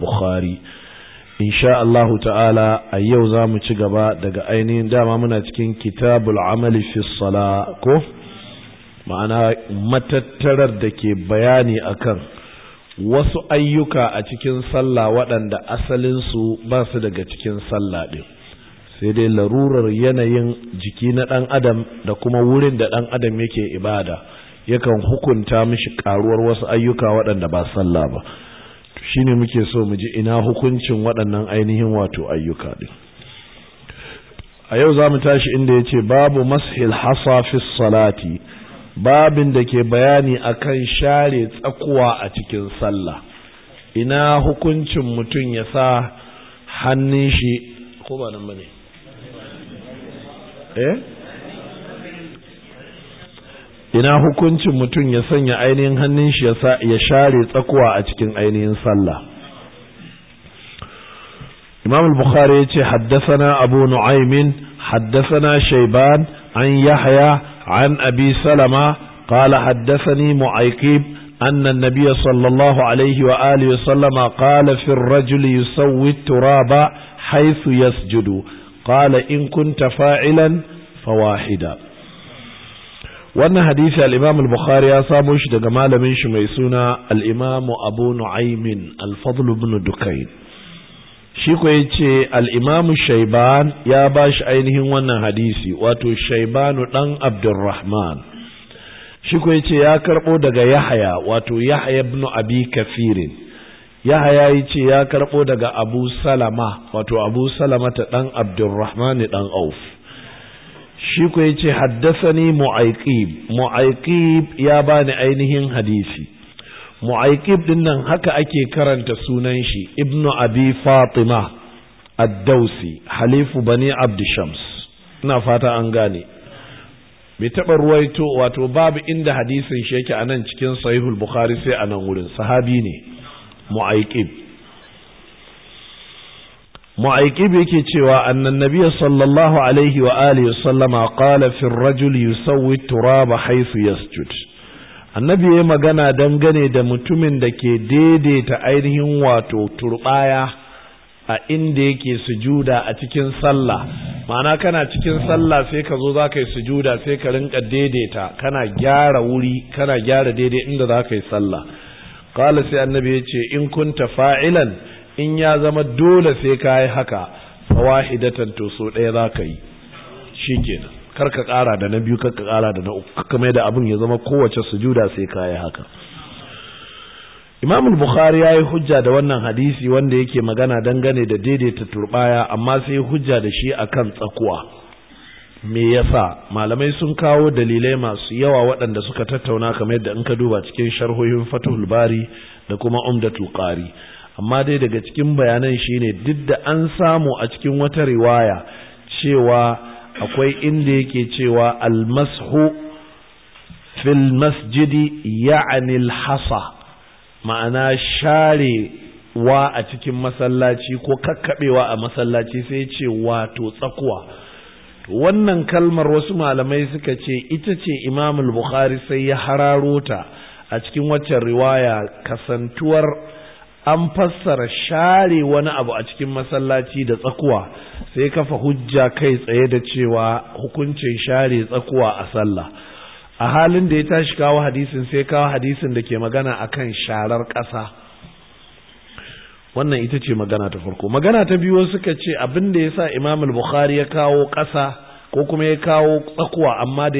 bukhari insha Allahu ta'ala a yau za mu ci gaba daga ainihin dama muna cikin kitabul amali fi sala ko ma'ana matattarar da ke bayani akan wasu ayyuka a cikin sallah waɗanda asalinsu ba su daga cikin sallah ɗin sai dai larurar yanayin jiki na ɗan adam da kuma wurin da ɗan adam yake ibada yakan hukunta mishi ƙaruwar wasu ayyuka waɗanda ba sallah ba shine muke so mu ji ina hukuncin waɗannan ainihin wato ayyuka ɗin a yau za mu tashi inda ya ce babu mashil hasa salati babin da ke bayani akan share tsakuwa a cikin sallah ina hukuncin mutum ya sa hannun shi ko ba nan ne eh ina hukuncin mutum ya sanya ainihin hannun shi ya share tsakuwa a cikin ainihin sallah imam al-bukhari ya ce haddasana abu nu'aymin haddasana shaiban an yahya an abi salama qala haddasani mu'aykib أن النبي صلى الله عليه وآله وسلم قال في الرجل يسوي التراب حيث يسجد قال إن كنت فاعلا فواحدا wannan hadisi al-imam bukhari ya samo shi daga malamin shi mai suna al-imam abu nu'aimin al-fadl ibn dukayn shi ko yace al-imam shayban ya shi ainihin wannan hadisi wato Shaibanu ɗan abdurrahman shi ko yace ya karbo daga Yahaya wato Yahaya ibn abi kafirin yahya yace ya karɓo daga abu salama wato abu salama ta dan abdurrahman dan auf shi ku ya ce haddasani mu'aikib mu'aikib ya bani ainihin hadisi mu'aikib din nan haka ake karanta sunan shi ibnu abi fatima ad halifu bani abd shams ina fata an gane bai taɓa ruwaito wato babu inda hadisin shi yake a nan cikin sahihul bukhari sai a nan wurin sahabi ne mu'aikib mu'aikib yake cewa annan sallallahu alaihi wa alihi sallama qala fi ar-rajul yusawwi turaba haythu yasjud annabi yayi magana dangane da mutumin da ke daidaita ainihin wato turbaya a inda yake sujuda a cikin sallah ma'ana kana cikin sallah sai ka zo za yi sujuda sai ka rinka daidaita kana gyara wuri kana gyara daidai inda za ka yi sallah qala sai annabi yace in kunta fa'ilan in ya zama dole sai ka yi haka fawahidatan to so ɗaya za ka yi shi kenan kar ka ƙara da na biyu kar ƙara da na uku kamar da abin ya zama kowace sujuda sai ka yi haka imamul Bukhari ya yi hujja da wannan hadisi wanda yake magana dangane da daidaita turbaya amma sai yi hujja da shi akan tsakuwa. Me yasa malamai sun kawo dalilai masu yawa waɗanda suka tattauna kamar yadda in ka duba cikin sharhohin Fathul Bari da kuma Umdatul Qari. amma dai daga cikin bayanan shine duk da an samu a cikin wata riwaya cewa akwai inda yake cewa almashu fil masjidi ya'ni alhasa ma'ana share wa a cikin masallaci ko kakkabewa a masallaci sai ce wato tsakuwa wannan kalmar wasu malamai suka ce ita ce imamul bukhari sai ya hararo ta a cikin waccan riwaya kasantuwar an fassara share wani abu a cikin masallaci da tsakuwa sai kafa hujja kai tsaye da cewa hukuncin share tsakuwa a sallah a halin da ya tashi kawo hadisin sai kawo hadisin da ke magana akan sharar ƙasa wannan ita ce magana ta farko magana ta biyu suka ce abin da ya sa imam bukhari ya kawo ƙasa ko kuma ya kawo tsakuwa amma da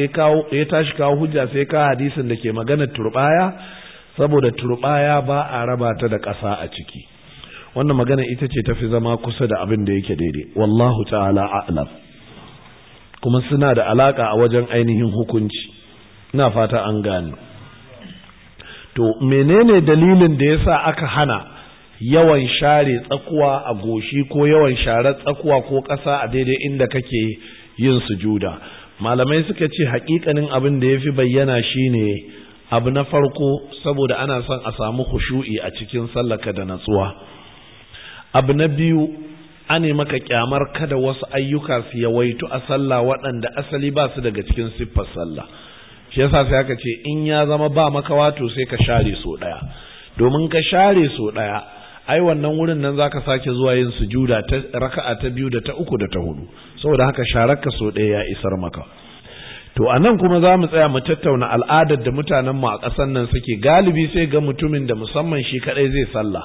ya tashi kawo hujja sai kawo hadisin da ke magana turbaya saboda turbaya ba a raba ta da ƙasa a ciki wannan magana ita ce tafi zama kusa da abin da yake daidai wallahu ta'ala a'lam kuma suna da alaka a wajen ainihin hukunci ina fata an gane to menene dalilin da yasa aka hana yawan share tsakuwa a goshi ko yawan share tsakuwa ko ƙasa a daidai inda kake yin sujuda malamai suka ce haƙiƙanin abin da ya fi bayyana shine abu na farko saboda ana son a samu khushu'i a cikin sallaka da natsuwa abu na biyu ane maka kyamar kada wasu ayyuka su yawaitu a sallah waɗanda asali ba su daga cikin siffar sallah shi yasa sai aka ce in ya zama ba maka wato sai ka share so ɗaya domin ka share so ɗaya ai wannan wurin nan zaka sake zuwa yin sujuda ta raka'a ta biyu da ta uku da ta hudu saboda haka sharar ka so ɗaya ya isar maka to a nan kuma za mu tsaya mu tattauna al'adar da mutanen mu a ƙasar nan suke galibi sai ga mutumin da musamman shi kaɗai zai sallah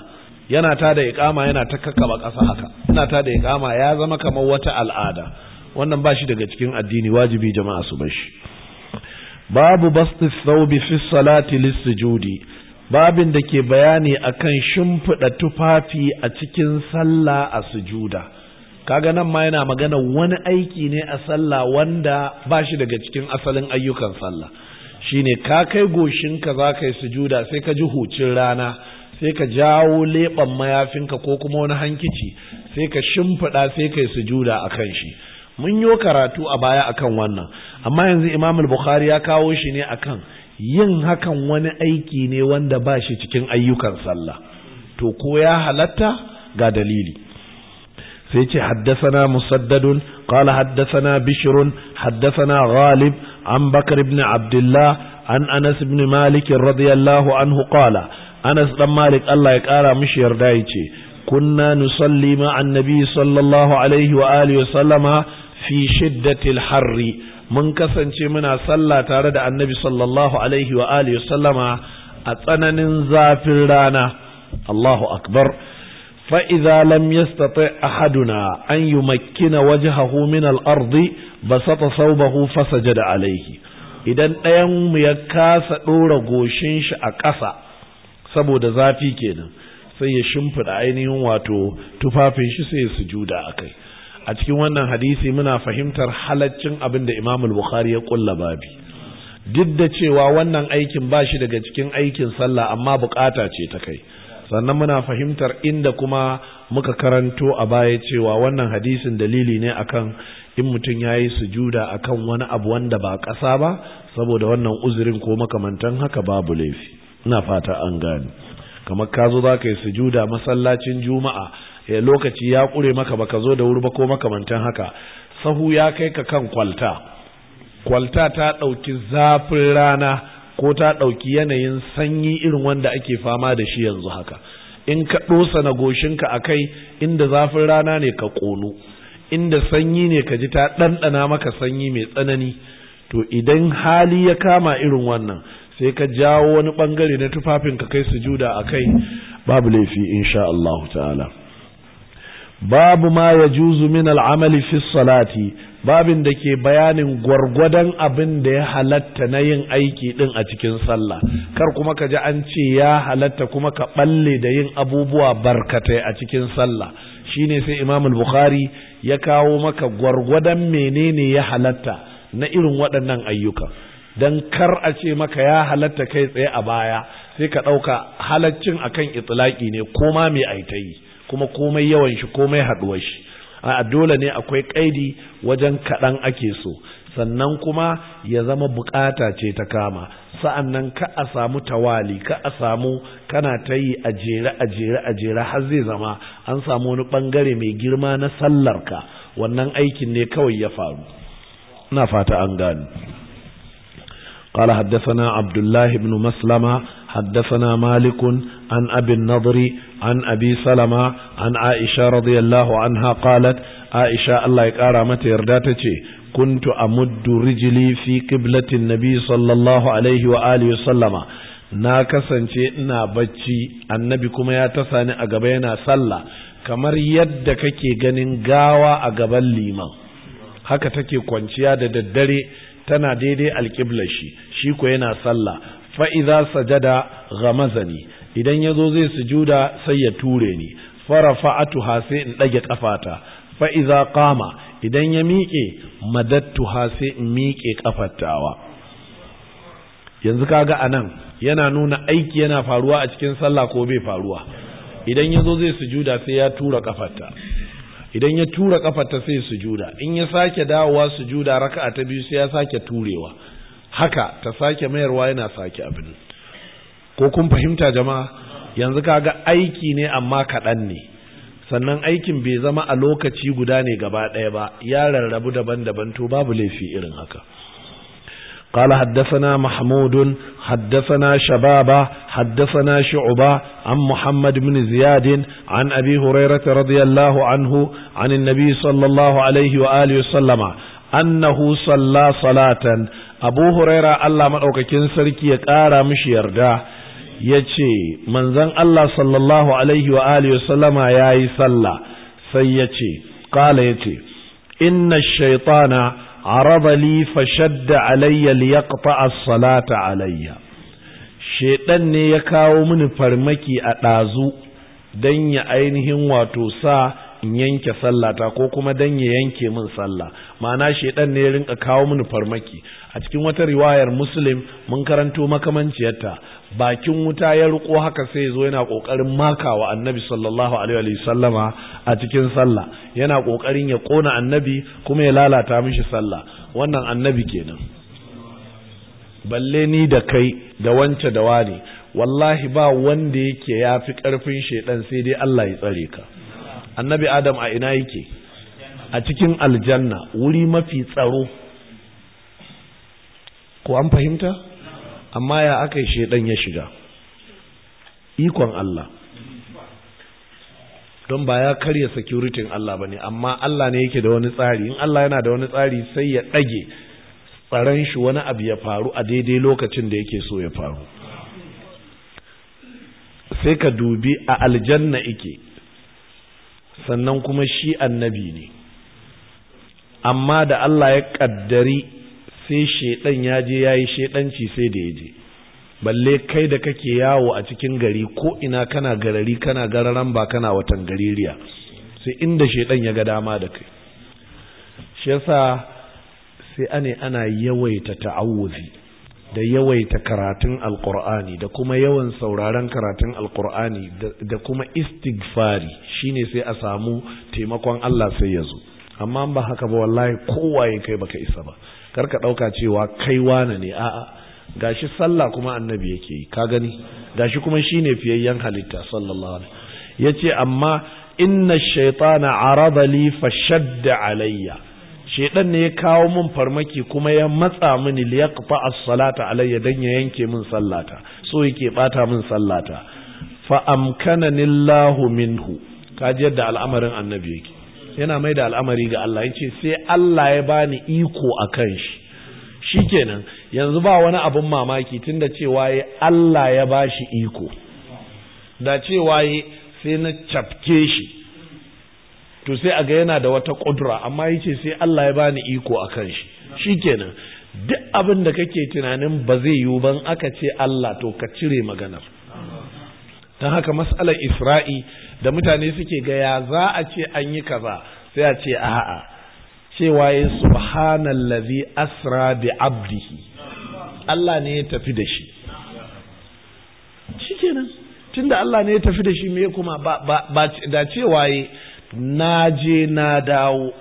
yana ta da iƙama yana ta kakkaba ƙasa haka yana ta da iƙama ya zama kamar wata al'ada wannan ba shi daga cikin addini wajibi jama'a su bar shi babu basti saubi fi salati lisujudi babin da ke bayani akan shimfiɗa tufafi a cikin sallah a sujuda kaga nan ma yana magana wani aiki ne a sallah wanda ba shi daga cikin asalin ayyukan sallah shine ka kai goshin ka za ka yi sujuda sai ka ji hucin rana sai ka jawo leɓen mayafinka ko kuma wani hankici sai ka shimfiɗa sai ka yi sujuda a kan shi mun yi karatu a baya akan wannan amma yanzu imam bukhari ya kawo shi ne akan yin hakan wani aiki ne wanda ba shi cikin ayyukan sallah to ko ya halatta ga dalili sai ce haddasana musaddadun qala haddasana bishrun haddasana ghalib an bakar ibn abdullah an anas ibn malik radiyallahu anhu qala anas ɗan malik Allah ya kara mishi yarda yace kunna nusalli ma annabi sallallahu alaihi wa alihi wa sallama fi shiddatil harri mun kasance muna sallah tare da annabi sallallahu alaihi wa alihi wa sallama a tsananin zafin rana Allahu akbar فإذا لم يستطع أحدنا أن يمكن وجهه من الأرض bahu صوبه da عليه idan ɗayan mu ya kasa ɗora goshin shi a ƙasa saboda zafi kenan sai ya shimfiɗa ainihin wato tufafin shi sai su sujuda a kai a cikin wannan hadisi muna fahimtar halaccin abin da imamul bukhari ya ƙulla babi duk da cewa wannan aikin ba shi daga cikin aikin sallah amma bukata ce ta kai sannan muna fahimtar inda kuma muka karanto a baya cewa wannan hadisin dalili ne akan in mutum ya yi sujuda akan wani abu wanda ba kasa ba saboda wannan uzurin ko makamantan haka babu laifi ina fata an gani kamar ka zo za ka yi sujuda masallacin juma'a ya eh, lokaci ya ƙure maka ba ka zo da wuri ba ko makamantan haka sahu ya kai ka kan kwalta kwalta ta ɗauki zafin rana ko ta ɗauki yanayin sanyi irin wanda ake fama da shi yanzu haka in ka ɗosa na goshinka a kai inda zafin rana ne ka ƙono inda sanyi ne ka ji ta ɗanɗana maka sanyi mai tsanani to idan hali ya kama irin wannan sai ka jawo wani ɓangare na tufafinka ka kai sujuda a kai babu laifi insha Allah ta'ala babu ma ya juzu min al'amali fi salati babin da ke bayanin gwargwadon abin da ya halatta na yin aiki ɗin a cikin sallah kar kuma ka ji an ce ya halatta kuma ka ɓalle da yin abubuwa barkatai a cikin sallah shi ne sai imam bukhari ya kawo maka gwargwadon menene ya halatta na irin waɗannan ayyuka don kar a ce maka ya halatta kai tsaye a baya sai ka ɗauka halaccin akan itilaki ne ko ma mai aitayi kuma komai yawan shi komai haɗuwa shi a dole ne akwai kaidi wajen kaɗan ake so sannan kuma ya zama bukata ce ta kama sa'annan ka a samu tawali ka a samu kana ta yi a jere a jere a jere har zai zama an samu wani bangare mai girma na sallar ka wannan aikin ne kawai ya faru ina fata an gani. قال حدثنا عبد الله بن مسلمه حدثنا مالك عن أبي النضر عن أبي سلمة عن عائشة رضي الله عنها قالت عائشة الله يقارى متى يرداتتي كنت أمد رجلي في قبلة النبي صلى الله عليه وآله وسلم na kasance ina bacci annabi kuma ya tasa ni a gaba yana sallah kamar yadda kake ganin gawa a gaban liman haka take kwanciya da daddare tana daidai alƙiblar shi shi ko yana sallah Fa'iza idza sajada ghamazani idan yazo zai sujuda sai ya ture ni tuha sai in ɗage ƙafata. Fa'iza idza idan ya miƙe madattuha sai in miƙe kafattawa yanzu kaga anan yana nuna aiki yana faruwa a cikin sallah ko bai faruwa idan yazo zai sujuda sai ya tura kafarta idan ya tura ƙafata sai sujuda in ya sake dawowa sujuda raka'a ta biyu sai ya sake turewa haka ta sake mayarwa yana sake abin ko kun fahimta jama'a yanzu ka ga aiki ne amma kaɗan ne sannan aikin bai zama a lokaci guda ne gaba ɗaya ba ya rarrabu daban-daban to babu laifi irin haka قال حدثنا محمود حدثنا شبابا حدثنا شعبا عن محمد بن زياد عن أبي هريرة رضي الله عنه عن النبي صلى الله عليه وآله وسلم أنه صلى صلاة abu huraira Allah maɗaukakin sarki ya ƙara mishi yarda ya ce manzan Allah sallallahu alaihi wa alihi sallama ya yi sallah sai ya ce ƙala ya ce inna shaitana araba li fashadda alayya liyaqta as-salata alayya shaiɗan ne ya kawo mini farmaki a ɗazu don ya ainihin wato sa in yanke sallata ko kuma dan ya yanke min sallah ma'ana shedan ne ya rinka kawo mini farmaki a cikin wata riwayar muslim mun karanto makamanciyarta bakin wuta ya riko haka sai zo yana kokarin makawa annabi sallallahu alaihi wa sallama a cikin sallah yana kokarin ya kona annabi kuma ya lalata mishi sallah wannan annabi kenan balle ni da kai da wance da wani wallahi ba wanda yake fi karfin shedan sai dai Allah ya tsare ka annabi adam a ina yake a cikin aljanna wuri mafi tsaro ko an fahimta amma ya aka yi shaidan ya shiga ikon Allah don ba ya karya in Allah ba ne amma Allah ne yake da wani tsari in Allah yana da wani tsari sai ya ɗage tsaron shi wani abu ya faru a daidai lokacin da yake so ya faru sai ka dubi a aljanna ike sannan kuma shi annabi ne amma da Allah ya kaddari sai shedan ya je yayi shedanci sai da yaje balle kai da kake yawo a cikin gari ko ina kana garari kana gararan ba kana watan gaririya sai inda shedan ya ga dama da kai shi yasa sai ane ana yawaita ta'awuzi da yawaita karatun alkur'ani da kuma yawan sauraron karatun alkur'ani da kuma istighfari shine sai a samu taimakon Allah sai ya zo amma ba haka ba wallahi kowaye kai baka isa ba karka ka dauka cewa kai wane ne a'a gashi sallah kuma annabi yake yi ka gani gashi kuma shine fiyayyen halitta sallallahu alaihi yace amma inna shaytana arada li fashadda alayya shedan ne ya kawo min farmaki kuma ya matsa mini liyaqfa as-salata alayya dan ya yanke min sallata so yake bata min sallata fa amkanani Allahu minhu kaji yadda al'amarin annabi yake yana mai da al'amari ga Allah yace sai Allah ya bani iko akan shi shikenan yanzu ba wani abun mamaki tunda cewa Allah ya bashi iko da cewa sai na cafke shi to sai aga yana da wata ƙudura amma yace sai Allah ya bani iko a kan shi kenan duk abin da kake tunanin ba zai yiwu ban aka ce Allah to ka cire magana. don haka mas'alar Isra'i da mutane suke ga ya za a ce an yi kaza sai a ce a'a cewa ya subhanallazi asra bi abdihi Allah ne ya tafi da shi shikenan tunda Allah ne ya tafi da shi me kuma ba da cewa na je na dawo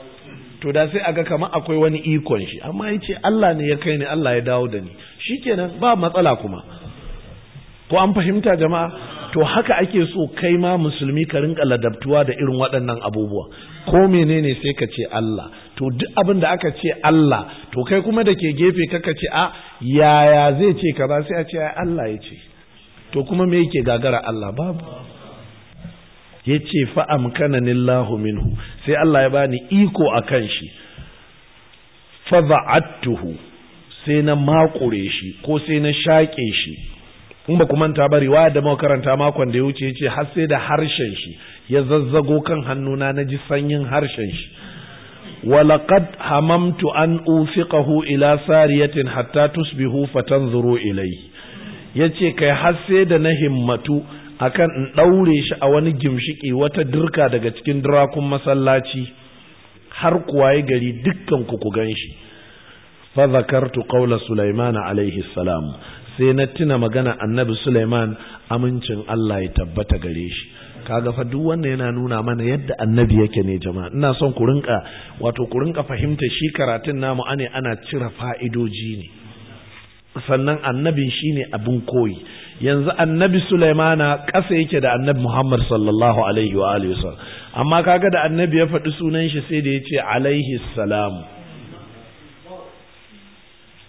to da sai aga kamar akwai wani ikon shi amma ya ce Allah ne ya kai ni Allah ya dawo da ni kenan ba matsala kuma ko an fahimta jama'a to haka ake so kai ma musulmi ka rinka ladabtuwa da irin waɗannan abubuwa ko menene sai ka ce Allah to duk abin da aka ce Allah to kai kuma da ke gefe ka ce a yaya zai ce ka ba sai a ce Allah ya ce to kuma me yake gagara Allah babu ya ce fa'amkananin minhu sai Allah ya bani iko a kan shi faza'attuhu sai na makure shi ko sai na shaƙe shi in ba manta ba riwaya da makaranta makon da ya wuce ya ce har sai da harshen shi ya zazzago kan hannuna na ji sanyin harshen shi walaƙad hamamtu an ufiƙahu ila sariyatin hatta tusbihu fatanzuru ilai Yace kai har sai da na himmatu akan in ɗaure shi a wani gimshiki wata dirka daga cikin dirakun masallaci har kuwaye gari dukkan ku ku gan shi fa zakartu qawla sulaiman Alayhi salam sai na tuna magana annabi sulaiman amincin Allah ya tabbata gare shi kaga fa duk wannan yana nuna mana yadda annabi yake ne jama'a ina son ku rinka wato ku rinka fahimta shi karatun namu ane ana cire fa'idoji ne sannan shi shine abin koyi yanzu annabi Sulaimana ƙasa yake da annabi Muhammad sallallahu alaihi wa alihi wasallam amma kaga da annabi ya faɗi sunan shi sai da ya ce alaihi salam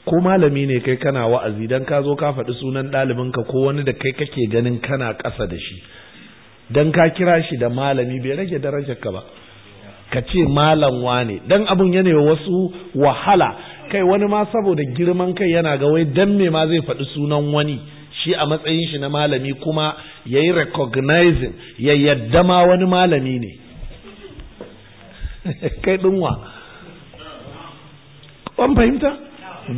ko malami ne kai kana wa'azi dan ka zo ka faɗi sunan ɗalibinka ko wani da kai kake ganin kana ƙasa da shi dan ka kira shi da malami bai rage darajar ka ba ka ce malam wane dan abin yana wasu wahala kai wani ma saboda girman kai yana ga wai dan me ma zai faɗi sunan wani shi a matsayin shi na malami kuma yayi yi recognizing ya yadda ma wani malami ne kai ɗinwa ƙwan fahimta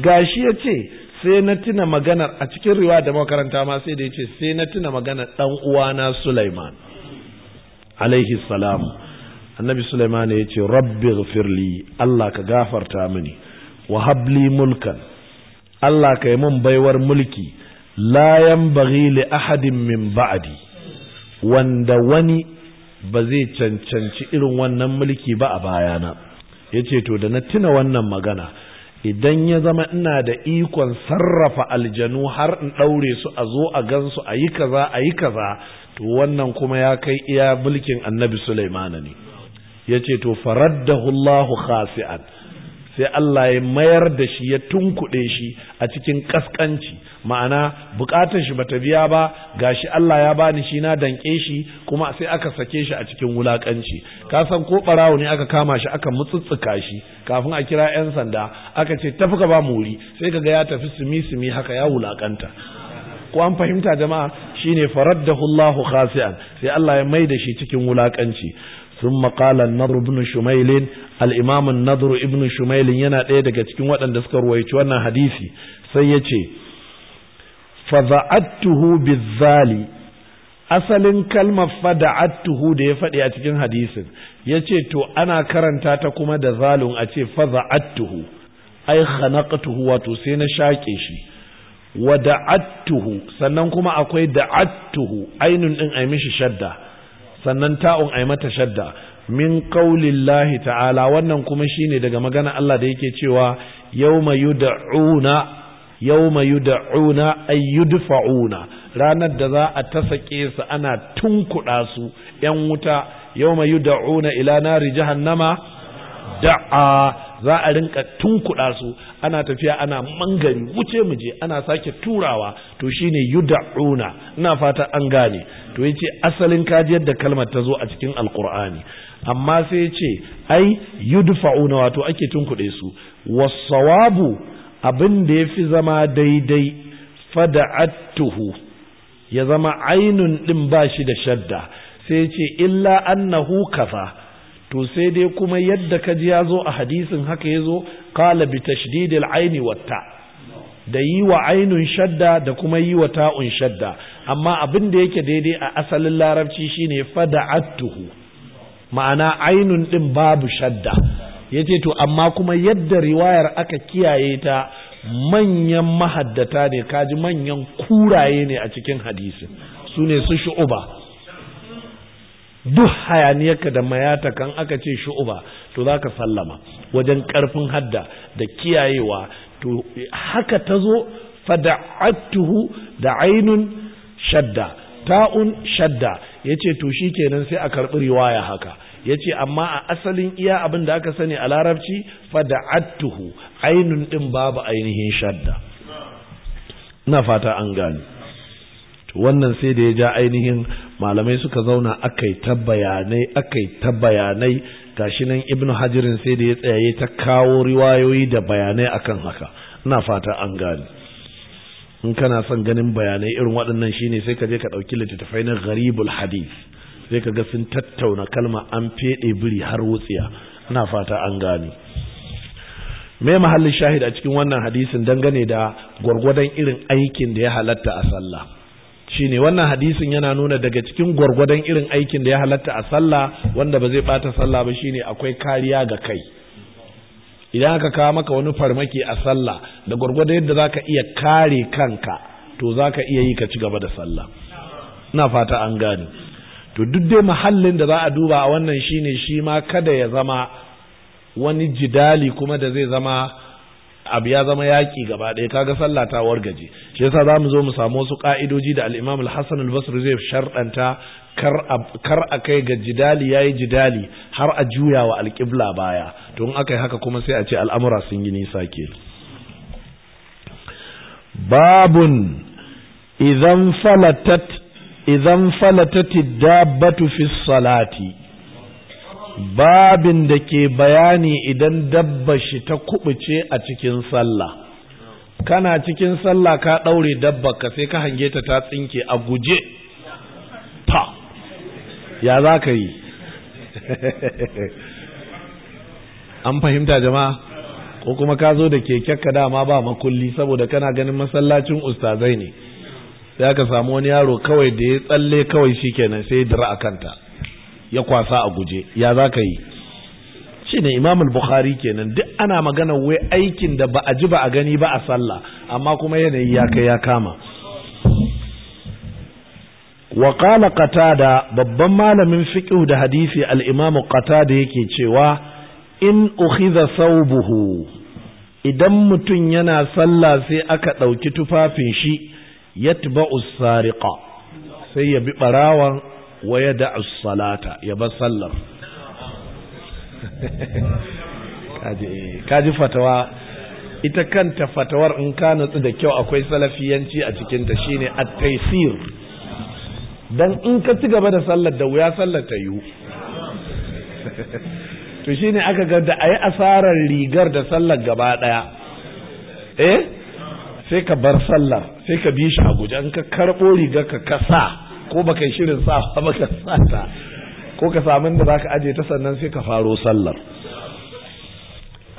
gashi ya ce sai na tuna maganar a cikin riwa da makaranta ma sai da ya ce sai na tuna maganar ɗan uwana Sulaiman alaihi salam annabi Sulaiman ya ce rabbi firli Allah ka gafarta mini Wahabli mulkan Allah ka yi mun baiwar mulki layan yanbaghi li ahadin min ba'adi, wanda wani ba zai cancanci irin wannan mulki ba a bayana ce to da na tuna wannan magana idan ya zama ina da ikon sarrafa aljanu har in ɗaure su a zo a gansu a yi kaza a yi kaza to wannan kuma ya kai iya mulkin annabi Sulaimana ne ya ce to faraddahu Allahu khasi'an sai Allah ya mayar da shi ya tunkuɗe shi a cikin ƙasƙanci ma'ana buƙatar shi bata biya ba ga shi Allah ya bani shi na danƙe shi kuma sai aka sake shi a cikin wulaƙanci ka san ko ɓarawo ne aka kama shi aka mutsutsuka shi kafin a kira 'yan sanda aka ce tafi ka ba mu wuri sai ka ga ya tafi sumi sumi haka ya wulaƙanta ko an fahimta jama'a shine faraddahu Allahu khasi'an sai Allah ya mai da shi cikin wulaƙanci ثم قال النضر بن شميل الإمام النضر ابن شميل ينا ɗaya daga cikin waɗanda suka ruwaici wannan hadisi sai ya ce bizzali asalin kalmar fada'attuhu da ya faɗi a cikin hadisin ya ce to ana karanta ta kuma da zalun a ce fada'attuhu ai khanaqtuhu wato sai na shaƙe shi wada'attuhu sannan kuma akwai da'attuhu ainun din ai mishi shadda sannan ta'un ai mata shadda min qaulillahi ta'ala wannan kuma shine daga magana Allah da yake cewa yawma yud'una yawma yud'una ay yudfa'una ranar da za a tasake su ana kuɗa su yan wuta yawma yud'una ila nari jahannama da'a za a rinka tunkuɗa su ana tafiya ana mangari wuce mu je ana sake turawa to shine yud'una ina fata an gane to yace asalin kaji yadda kalmar ta zo a cikin alqur'ani amma sai yace ai yudfa'una wato ake tunkuɗe su was-sawabu abin da yafi zama daidai fadaatuhu ya zama ainun din bashi da shadda sai yace illa annahu kafa to sai dai kuma yadda ka ji ya zo a hadisin haka ya zo kala bi tashdidil aini watta da yi wa ainun shadda da kuma yi wa ta'un shadda amma abin da yake daidai a asalin larabci shine fada'atuhu ma'ana ainun din babu shadda yace to amma kuma yadda riwayar aka kiyaye ta manyan mahaddata ne kaji manyan kuraye ne a cikin hadisin su ne su shu'uba duk hayaniyarka da mayata kan aka ce shu'uba to za ka sallama wajen ƙarfin hadda da kiyayewa to haka ta zo fada'attuhu da ainun shadda ta'un shadda ya ce to shi kenan sai a karɓi riwaya haka ya ce amma a asalin iya abin da aka sani a larabci fada'attuhu ainun ɗin babu ainihin shadda na fata an gani wannan sai da ya ja ainihin malamai suka zauna akai ta bayanai akai ta bayanai gashi nan ibnu hajirin sai da ya tsaye ta kawo riwayoyi da bayanai akan haka ina fata an gane in kana son ganin bayanai irin waɗannan shine sai ka je ka ɗauki littattafai na gharibul hadith sai ka ga sun tattauna kalma an feɗe biri har wutsiya ina fata an gane me mahallin shahid a cikin wannan hadisin dangane da gwargwadon irin aikin da ya halatta a sallah shi ne wannan hadisin yana nuna daga cikin gwargwadon irin aikin da ya halatta a sallah wanda ba zai bata sallah ba shine akwai kariya ga kai idan aka kawo maka wani farmaki a sallah da gwargwadon yadda zaka iya kare kanka to zaka iya yi ka ci gaba da sallah ina fata an gane to duk dai muhallin da za a duba a wannan shine shi ma kada ya zama wani jidali kuma da zai zama abu ya zama yaki gaba ɗaya kaga sallah ta wargaje shi yasa zamu zo mu samu wasu ka'idoji da al-Imam al-Hasan al-Basri zai sharɗanta kar a kai ga jidali yayi jidali har a juya wa alƙibla baya to in aka yi haka kuma sai a ce al'amura sun yi nisa ke babun idan falatat idan falatat dabbatu fi salati babin da ke bayani idan dabba shi ta kubuce a cikin sallah kana cikin sallah ka ɗaure dabba ka sai ka hange ta ta tsinke a guje ta ya za ka yi an fahimta jama'a ko kuma ka zo da ka dama ba makulli saboda kana ganin masallacin ustazai ne sai aka samu wani yaro kawai da ya tsalle kawai shi kenan sai dira a kanta ya kwasa a guje ya za ka yi shi ne imamul bukhari kenan duk ana magana wai aikin da ba a ji ba a gani ba a sallah amma kuma yanayi ya kai ya kama wa qala qatada babban malamin fiqh da hadisi al katada yake cewa in ukhiza thawbuhu idan mutum yana sallah sai aka ɗauki tufafin shi yatba'u sariqa sai ya bi barawan wa ya da salata ya bar sallar eh, kaji fatawa ita kanta fatawar in ka nutsu da kyau akwai salafiyanci a cikinta shi ne at-taysir Don in ka ci gaba da sallar da wuya sallar ta yiwu to shi ne aka ga da a yi asarar rigar da sallar gaba ɗaya. eh sai ka bar sallar sai ka bi shi a guje in ka karɓo rigar ka kasa ko baka shirin sa ba ka sa ko ka samu da zaka aje ta sannan sai ka faro sallar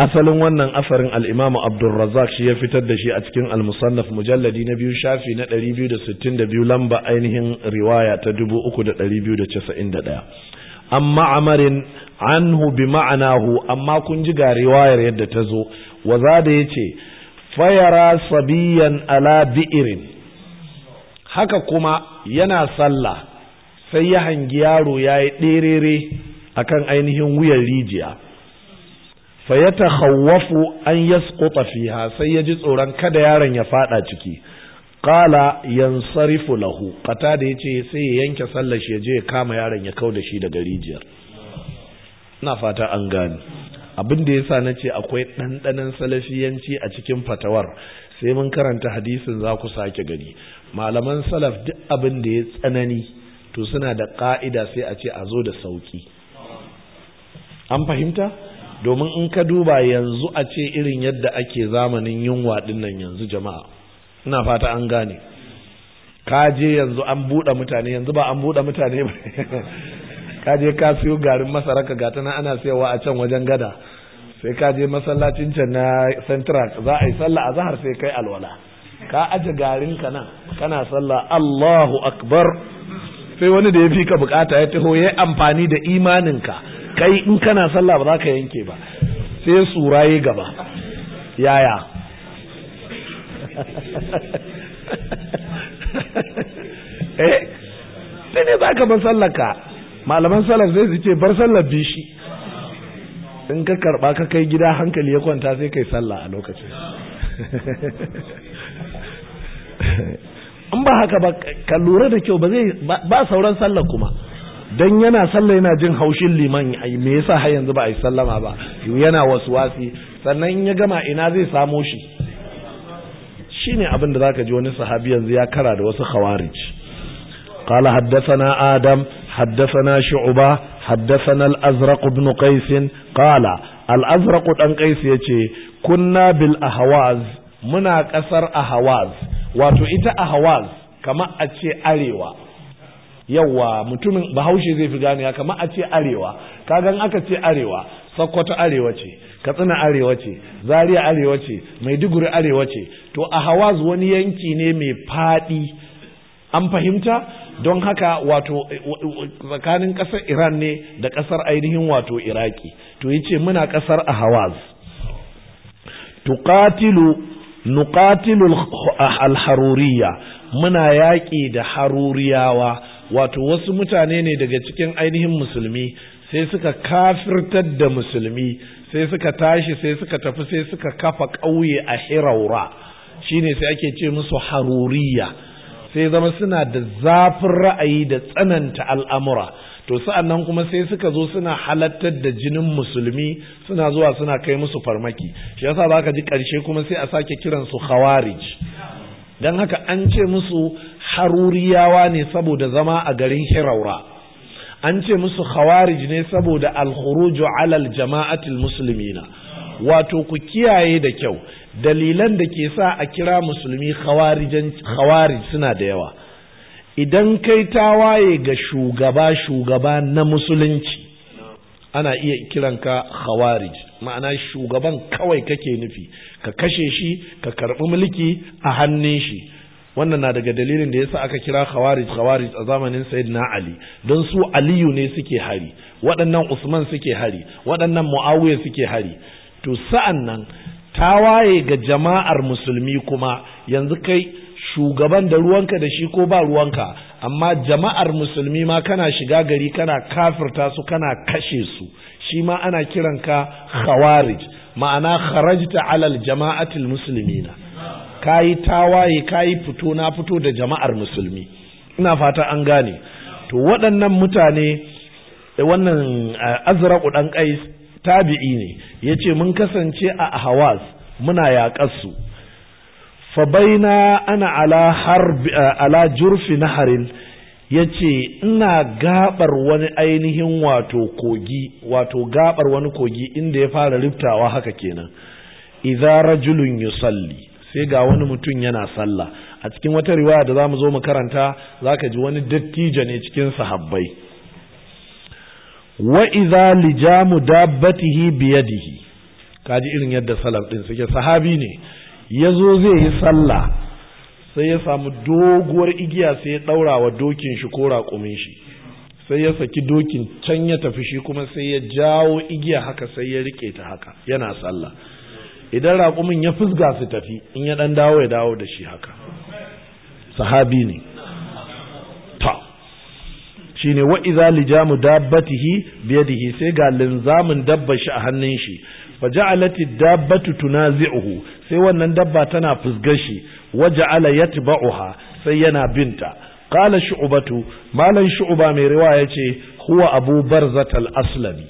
asalin wannan asarin al-Imam Razzaq shi ya fitar da shi a cikin al-Musannaf mujalladi na biyu shafi na 262 lamba ainihin riwaya ta 3291 amma amarin anhu bi ma'anahu amma kun ji ga riwayar yadda ta zo wa zada yace fayara sabiyan ala bi'irin haka kuma yana sallah sai ya hangi yaro ya yi ɗerere a kan ainihin wuyan rijiya fayyata hawafu an yaskuta fiha sai ya ji tsoron kada yaron ya fada ciki kala yansarifu lahu kata da ya ce sai ya yanke sallar shi ya je ya kama yaron ya kau da shi daga rijiyar na fata an gani abin da ya sa na ce akwai ɗanɗanon salafiyanci a cikin fatawar sai mun karanta hadisin za ku sake gani malaman salaf duk abin da ya tsanani to suna da ƙa'ida sai a ce a zo da sauki an fahimta domin in ka duba yanzu a ce irin yadda ake zamanin yunwa dinnan yanzu jama'a ina fata an gane ka je yanzu an buɗe mutane yanzu ba an buɗe mutane ba ka je ka siyo garin masara ka tana ana sayawa a can wajen gada sai ka je masallacin can na central za a yi sallah a zahar sai kai alwala ka aje garin ka nan kana sallah Allahu akbar sai wani da ya fi ka bukata ya taho ya amfani da imanin ka kai in kana sallah ba za ka yanke ba sai tsura ya gaba yaya eh sai ne za ka bar ka malaman sallah zai zuke bar sallar bishi in ka karba ka kai gida hankali ya kwanta sai kai sallah a lokacin in ba haka ba ka lura da kyau ba zai ba sauran sallar kuma dan yana sallah yana jin haushin liman me yasa har yanzu ba a yi sallama ba yana wasu wasi sannan ya gama ina zai samo shi shine abin da zaka ji wani sahabi yanzu ya kara da wasu khawarij قال حدثنا آدم حدثنا شعبة حدثنا الأزرق بن قيس قال الأزرق بن قيس يتي كنا بالأهواز منا كسر أهواز wato ita a hawaz kama a ce arewa yawa mutumin bahaushe zai fi ganewa kama a ce arewa kagan aka ce arewa sakkwato arewa ce katsina arewa ce zaria arewa ce maiduguri arewa ce to a hawaz wani yanki ne mai faɗi an fahimta don haka wato tsakanin ƙasar iran ne da ƙasar ainihin wato iraki to yace muna ƙasar a hawaz nuqatilul alharuriya muna yaƙi da haruriyawa wato wasu mutane ne daga cikin ainihin musulmi sai suka kafirtar da musulmi sai suka tashi sai suka tafi sai suka kafa ƙauye a hiraura shine sai ake ce musu haruriya sai zama suna da zafin ra'ayi da tsananta al'amura to sa'annan kuma sai suka zo suna halattar da jinin musulmi suna zuwa suna kai musu farmaki shi yasa zaka ji karshe kuma sai a sake kiran su khawarij dan haka an ce musu haruriyawa ne saboda zama a garin hiraura an ce musu khawarij ne saboda al-khuruju ala al-jama'atil muslimina wato ku kiyaye da kyau dalilan da ke sa a kira musulmi khawarij suna da yawa idan kai ta waye ga shugaba shugaba na musulunci ana iya kiranka khawarij ma'ana shugaban kawai kake nufi ka kashe shi ka karɓi mulki a hannun shi wannan na daga dalilin da yasa aka kira khawarij khawarij a zamanin sayyidina ali don su aliyu ne suke hari waɗannan usman suke hari waɗannan muawiya suke hari to sa'an nan waye ga jama'ar musulmi kuma yanzu kai shugaban da ruwanka da shi ko ba ruwanka amma jama'ar musulmi ma kana shiga gari kana kafirta su kana kashe su shi ma ana kiranka khawarij ma'ana kharajta alal musulmi muslimina kayi tawaye kayi fito na fito da jama'ar musulmi ina fata an gane to waɗannan mutane wannan eh, azraqu dan qais tabi'i ne yace mun kasance a hawas muna yaƙar su fa baina ana ala harbi ala jurfi naharin yace ina gabar wani ainihin wato kogi wato gabar wani kogi inda ya fara riftawa haka kenan idza rajulun yusalli sai ga wani mutum yana sallah a cikin wata riwaya da zamu zo mu karanta zaka ji wani dattijo ne cikin sahabbai wa idza lijamu dabbatihi biyadihi kaji irin yadda salaf din suke sahabi ne ya zo zai yi sallah sai ya samu doguwar igiya sai ya ɗaura wa dokin shi ko raƙumin shi sai ya saki dokin can ya tafi shi kuma sai ya jawo igiya haka sai ya riƙe ta haka yana sallah idan raƙumin ya fusga su tafi in ya ɗan dawo ya dawo da shi haka sahabi ne ta shi ne wa'iza lijamu dabbatihi biyadihi sai ga linzamin dabba shi a hannun shi fa ja'alati dabbatu tunazi'uhu sai wannan dabba tana fusga shi waja'ala yatba'uha sai yana binta Kala shu'batu malan shu'ba mai riwaya yace huwa abu barzatal aslami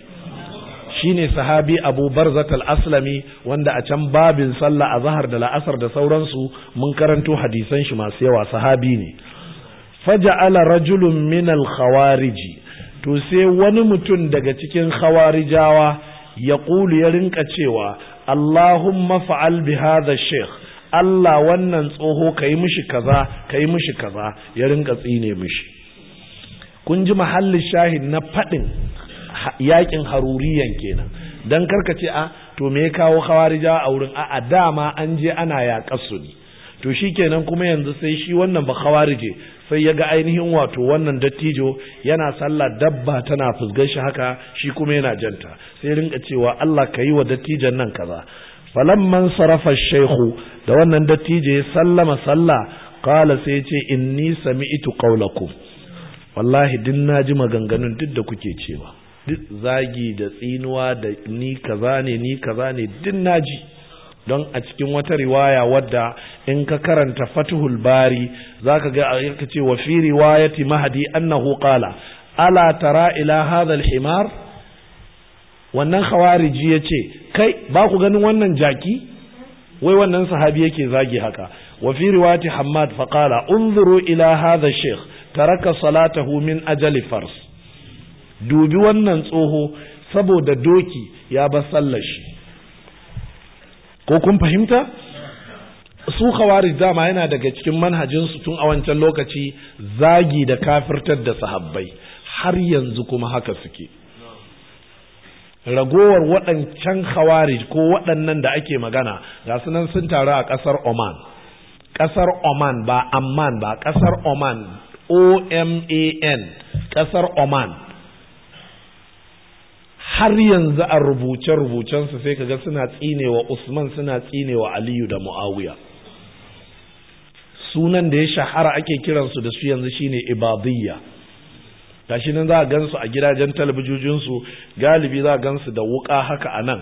shine sahabi abu barzatal aslami wanda a can babin sallah azhar da la'asar da sauransu mun karanto hadisan shi masu yawa sahabi ne faja'ala rajulun min al-khawariji to sai wani mutum daga cikin khawarijawa ya ƙulu ya rinka cewa Allahumma fa'al bi da sheikh Allah wannan tsoho ka yi mishi kaza yi mishi kaza ya ringa tsine mishi kun ji mahallin shahin na faɗin yakin haruriyan kenan dan karkace a to me ya kawo jawa a wurin a dama an je ana yaƙar su ne to shikenan kuma yanzu sai shi wannan ba khawarije sai ya ga ainihin wato wannan dattijo yana sallah dabba tana fusgar shi haka shi kuma yana janta sai rinka cewa Allah ka yi wa dattijan nan kaza falamman sarafa shaihu da wannan dattijo ya sallama sallah kala sai ya ce inni sami'tu qaulakum wallahi din ji maganganun duk da kuke cewa duk zagi da tsinuwa da ni kaza ne ni kaza ne din ji. don a cikin wata riwaya wadda in ka karanta fatihul bari ka ga a ce wa fi riwayati Mahadi, annahu qala ala tara ila hadha himar wannan khawariji ce kai ba ku ganin wannan jaki wai wannan sahabi yake zagi haka wa fi riwayati hammad fa qala unzuru ila hadha shaykh taraka salatahu min ajali fars dubi wannan tsoho saboda doki ya ba sallar ko kun fahimta su khawarij dama yana daga cikin manhajinsu tun a wancan lokaci zagi da kafirtar da sahabbai har yanzu kuma haka suke ragowar waɗancan khawarij ko waɗannan da ake magana ga su nan sun taru a ƙasar Oman ƙasar Oman ba Amman ba ƙasar Oman O M A N ƙasar Oman har yanzu a rubuce-rubucensu sai kaga suna tsinewa Usman suna tsinewa Aliyu da Muawiya sunan da ya shahara ake kiransu da su yanzu shine ibadiyya gashi nan za a gansu a gidajen talabijojinsu galibi za a gansu da wuka haka a nan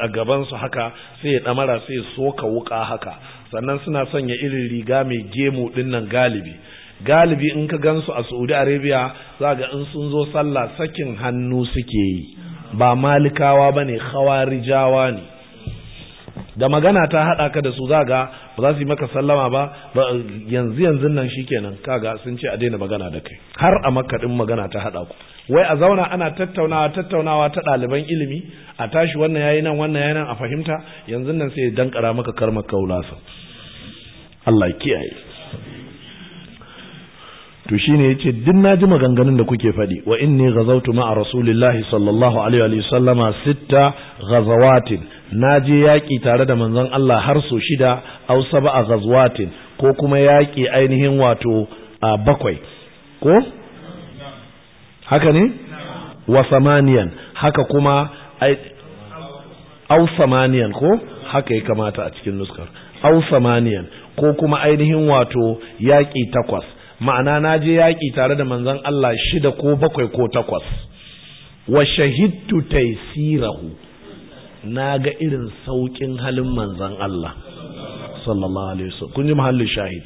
a gabansu haka sai ya ɗamara sai soka wuka haka sannan suna sanya irin riga mai gemu ɗin nan galibi galibi in ka gansu a saudi arabia za ga in sun zo sallah sakin hannu suke yi ba malikawa ba ne khawarijawa ne da magana ta haɗa ka da su za ga ba za su yi maka sallama ba yanzu yanzu nan shikenan kaga sun ce a daina magana da kai har a makaɗin magana ta haɗa ku wai a zauna ana tattaunawa tattaunawa ta ɗaliban ilimi a tashi wannan yayi nan wannan yayi nan a fahimta yanzu nan sai dankara maka karma kaulasa Allah kiyaye to ya ce, duk ji maganganun da kuke faɗi wa inni ma ma'a rasulillahi sallallahu alaihi wa sallama sitta na je yaƙi tare da manzon Allah har so shida au sab'a ghazwatin ko kuma yaƙi ainihin wato a bakwai ko haka ne wa samaniyan haka kuma au samaniyan ko haka ya kamata a cikin nuskar au samaniyan ko kuma ainihin wato yaƙi takwas ma'ana na je yaƙi tare da manzon Allah shida ko bakwai ko takwas wa shahidtu taysirahu na ga irin saukin halin manzon Allah sallallahu alaihi wasallam kun ji mahallin shahid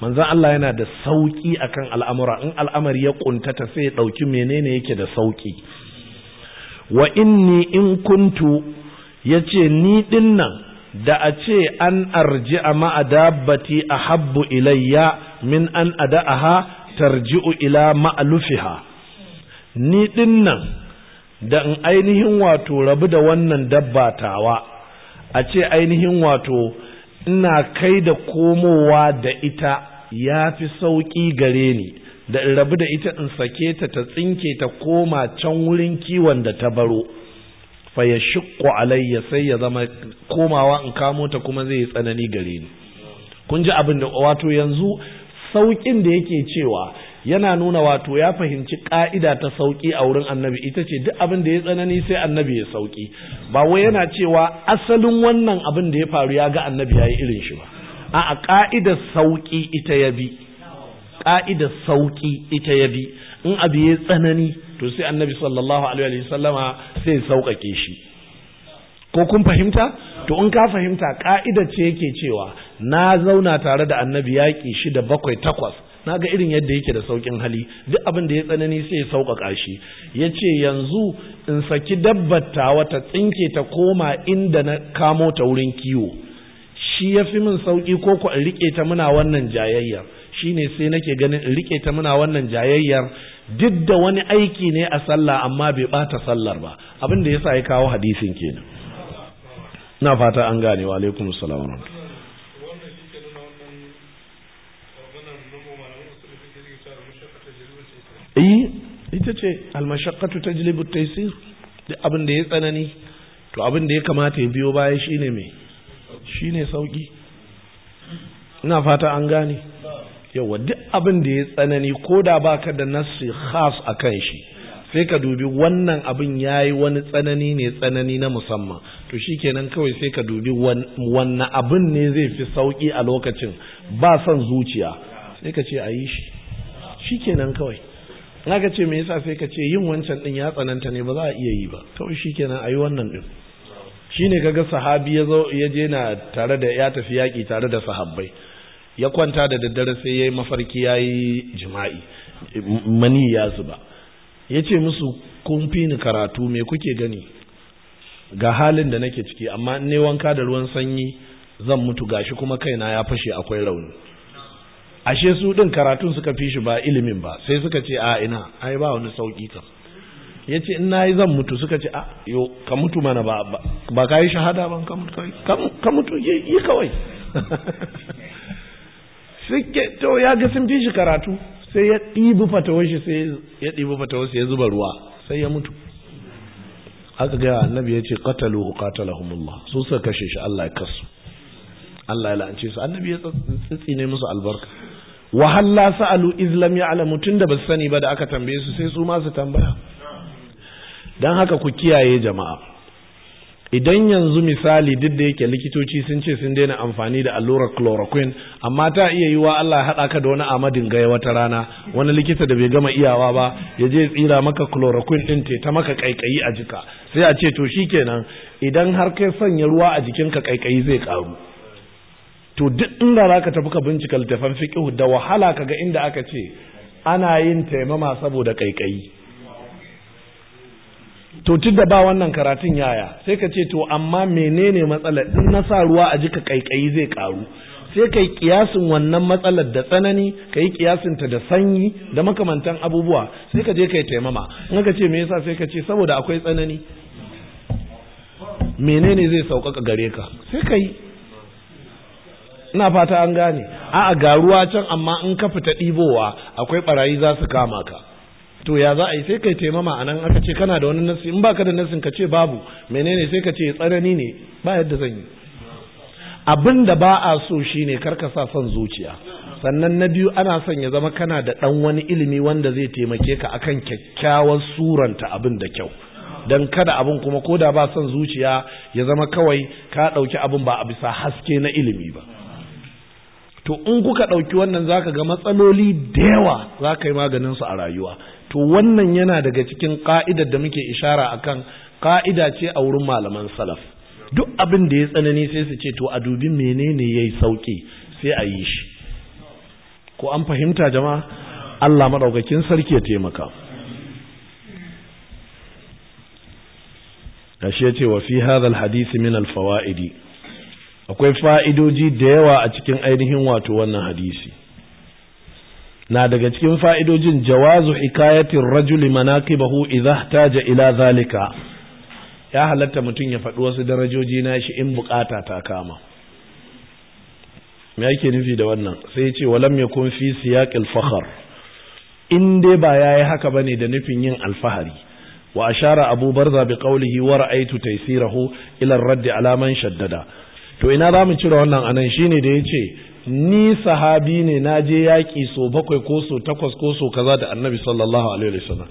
manzon Allah yana da sauki akan al'amura in al'amari ya kuntata sai ya dauki menene yake da sauki wa inni in kuntu yace ni dinnan da a ce an arji a ahabbu ilayya min an ada'aha tarji'u ila ma'lufiha ni dinnan da in ainihin wato rabu da wannan dabba tawa a ce ainihin wato ina kai da komowa da ita ya fi sauƙi gare ni da in rabu da ita in sake ta ta tsinke ta koma can wurin kiwon da ta baro fa ya shiƙo alayya sai ya zama komawa in kamo ta kuma zai yi tsanani gare ni kun ji abin da wato yanzu sauƙin da yake cewa yana nuna wato ya fahimci ƙa'ida ta sauƙi a wurin annabi ita ce duk abin da ya tsanani sai annabi ya sauƙi ba wai yana cewa asalin wannan abin da ya faru ya ga annabi ya yi irin shi ba a ka'idar sauƙi ita ya bi ka'idar sauƙi ita ya bi in abu ya tsanani to sai annabi sallallahu alaihi wa sallama sai sauƙaƙe shi ko kun fahimta to in ka fahimta ƙa'ida ce yake cewa na zauna tare da annabi yaƙi shida bakwai takwas na ga irin yadda yake da sauƙin hali duk abin da ya tsanani sai ya sauƙaƙa shi ya ce yanzu in saki dabbar tawa ta tsinke ta koma inda na kamo ta wurin kiwo shi ya fi min sauƙi ko ku in riƙe ta muna wannan jayayyar shi ne sai nake ganin in riƙe ta muna wannan jayayyar duk da wani aiki ne a sallah amma bai ɓata sallar ba abin da ya sa ya kawo hadisin kenan na fata an gane wa alaikum salam eh ita ce almashaqqatu tajlibu at-taysir duk abin da ya tsanani to abin da ya kamata ya biyo baya shine me shine sauki ina fata an gane yawa duk abin da ya tsanani ko da baka da nasi khas kan shi sai ka dubi wannan abin yayi wani tsanani ne tsanani na musamman to shikenan kawai sai ka dubi wannan abin ne zai fi sauki a lokacin ba son zuciya sai ka ce a yi shi shikenan kawai ka ce me yasa sai ka ce yin wancan din ya tsananta ne ba za a iya yi ba kawai shikenan ayi wannan din shine kaga sahabi ya zo ya je na tare da ya tafi yaki tare da sahabbai ya kwanta da daddare sai yayi mafarki yayi jima'i mani ya zuba yace musu kun fi ni karatu me kuke gani ga halin da nake ciki amma in ne wanka da ruwan sanyi zan mutu gashi kuma kaina ya fashe akwai rauni ashe su din karatun suka fi shi ba ilimin ba sai suka ce a ina ai ba wani sauki kan ya ce in nayi zan mutu suka ce a yo ka mutu mana ba ba ka yi shahada ban ka mutu ka mutu yi kawai suke to ya ga sun fi shi karatu sai ya ɗibi fatawar shi sai ya ɗibi fatawar sai ya zuba ruwa sai ya mutu aka ga annabi ya ce qatalu qatalahumullah su suka kashe shi Allah ya kasu Allah ya la'ance su annabi ya tsitsi ne musu albarka wahalla sa'alu lam ya'lamu tunda ba su sani ba da aka tambaye su sai su ma su tambaya dan haka ku kiyaye jama'a idan yanzu misali duk da yake likitoci sun ce sun daina amfani da allurar chloroquine amma ta iya yiwa Allah ya haɗa ka da wani amadin gaya wata rana wani likita da bai gama iyawa ba ya je tsira maka chloroquine ɗin te ta maka kaikayi a jika sai a ce to shikenan idan har kai sanya ruwa a jikinka kaikayi zai ƙaru to duk inda za ka tafi ka bincika littafan fiƙihu da wahala kaga inda aka ce ana yin taimama saboda ƙaiƙayi to tun da ba wannan karatun yaya sai ka ce to amma menene matsalar in na sa ruwa a jika ƙaiƙayi zai karu sai ka yi kiyasin wannan matsalar da tsanani ka yi kiyasinta da sanyi da makamantan abubuwa sai ka je ka yi taimama in ka ce me yasa sai ka ce saboda akwai tsanani menene zai sauƙaƙa gare ka sai ka yi ina fata an gane a'a ga ruwa can amma in ka fita ɗibowa akwai barayi za su kama ka to ya za a yi sai kai taimama a nan aka ce kana da wani nasi in baka da nasin ka ce babu menene sai ka ce tsanani ne ba yadda zan yi abin da ba a so shine karka sa son zuciya sannan na biyu ana son ya zama kana da ɗan wani ilimi wanda zai taimake ka akan kyakkyawar suranta abin da kyau don kada abin kuma ko da ba son zuciya ya zama kawai ka ɗauki abin ba a bisa haske na ilimi ba to in kuka ɗauki wannan zaka ga matsaloli da yawa za ka yi maganinsu a rayuwa to wannan yana daga cikin ƙa'idar da muke ishara a kan ƙa'ida ce a wurin malaman salaf duk abin da ya tsanani sai su ce to a dubi menene ya yi sauƙi, sai a yi shi ko an fahimta jama'a Allah maɗaukakin sarki ya taimaka kashi yace wa fi hadha alhadith min alfawaidi akwai fa'idoji da yawa a cikin ainihin wato wannan hadisi na daga cikin fa'idojin jawazu hikayatin rajuli manaqibahu idza ja ila zalika ya halatta mutum ya faɗi wasu darajoji na shi in bukata ta kama me yake nufi da wannan sai ce walam kun fi su fahar in dai ba ya yi haka ba ne da nufin yin alfahari wa ashara abubar barza ƙaulihi, qawlihi wa ra'aytu taysirahu ila raddi alaman shaddada to ina za mu cire wannan anan shi ne da ya ce ni sahabi ne na je yaƙi so bakwai ko so takwas ko so kaza da annabi sallallahu alaihi wa sallam.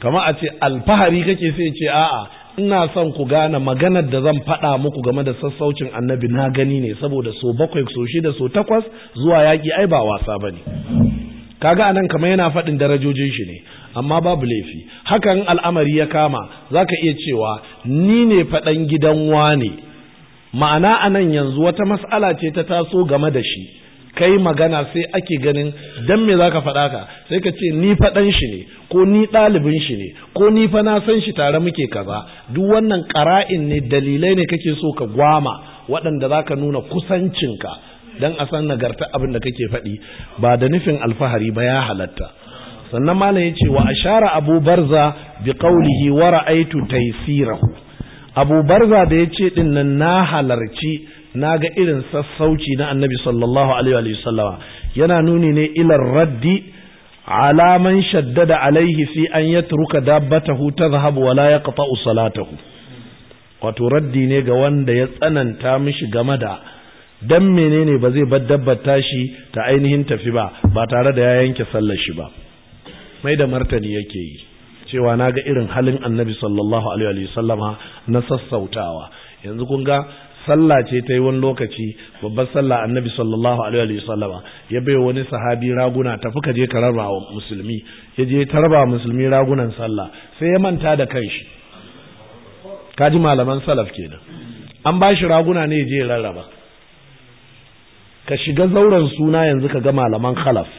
kama a ce alfahari kake sai ce a'a ina son ku gane maganar da zan faɗa muku game da sassaucin annabi na gani ne saboda so bakwai so shida so takwas zuwa yaƙi ai ba wasa ba ne. Ka ga anan kamar yana faɗin darajojin shi ne amma babu laifi hakan al'amari ya kama zaka iya cewa ni ne faɗan gidan wane ma'ana a nan yanzu wata mas'ala ce ta taso game da shi kai magana sai ake ganin dan me zaka faɗa ka sai ka ce ni faɗan shi ne ko ni ɗalibin shi ne ko ni fa na san shi tare muke kaza duk wannan ƙara'in ne dalilai ne kake so ka gwama waɗanda zaka nuna kusancinka dan a san nagarta abin da kake faɗi ba da nufin alfahari ba ya halatta sannan malam ya ce wa ashara abu barza bi qawlihi wa ra'aytu taysirahu abu barza da ya ce din nan na halarci na ga irin sassauci na annabi sallallahu alaihi wa sallama yana nuni ne ilar raddi alaman shaddada alaihi fi an yatruka dabbatahu tadhhabu wa la yaqta'u salatahu wato raddi ne ga wanda ya tsananta mishi game da dan menene ba zai bar dabbar tashi ta ainihin tafi ba ba tare da ya yanke sallar shi ba mai da martani yake yi cewa na ga irin halin annabi sallallahu alaihi sallama na sassautawa yanzu kun ga sallah ce ta yi wani lokaci babbar sallah annabi sallallahu alaihi sallama ya bai wani sahabi raguna tafi ka je ka raba wa musulmi ya je ta raba musulmi ragunan sallah sai ya manta da kanshi kaji malaman salaf kenan an ba shi raguna ne ya je ya rarraba ka shiga zauren suna yanzu ka ga malaman khalaf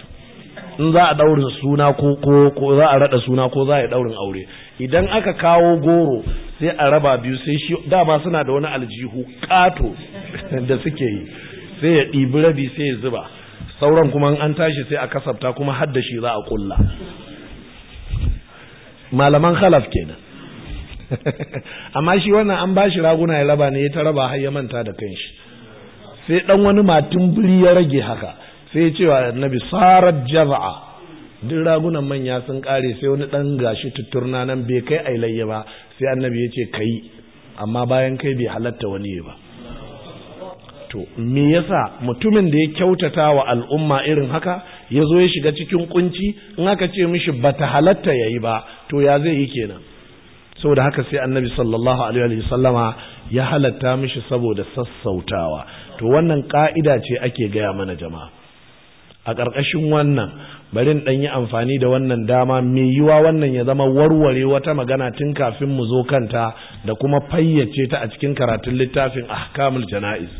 in za a daurin suna ko za a raɗa suna ko za a yi ɗaurin aure idan aka kawo goro sai a raba biyu sai shi dama suna da wani aljihu kato da suke yi sai ya ɗibi rabi sai ya zuba sauran kuma an tashi sai a kasafta kuma haddashi za a kulla malaman khalaf kenan amma shi wannan an bashi raguna ya raba ne ya ta raba har ya manta da kanshi sai dan wani matin biri ya rage haka sai cewa annabi sarar Jaba'a, duk ragunan manya sun kare sai wani dan gashi tutturna nan bai kai ailayya ba sai annabi ya ce kai amma bayan kai bai halatta wani ba to me yasa mutumin da ya kyautata wa al'umma irin haka ya zo ya shiga cikin kunci in aka ce mishi bata halatta yi ba to ya zai yi kenan saboda haka sai annabi sallallahu alaihi wa sallama ya halatta mishi saboda sassautawa to wannan ka'ida ce ake gaya mana jama'a a ƙarƙashin wannan bari in ɗan yi amfani da wannan dama mai yiwa wannan ya zama warware wata magana tun kafin mu zo kanta da kuma fayyace ta a cikin karatun littafin ahkamul jana'iz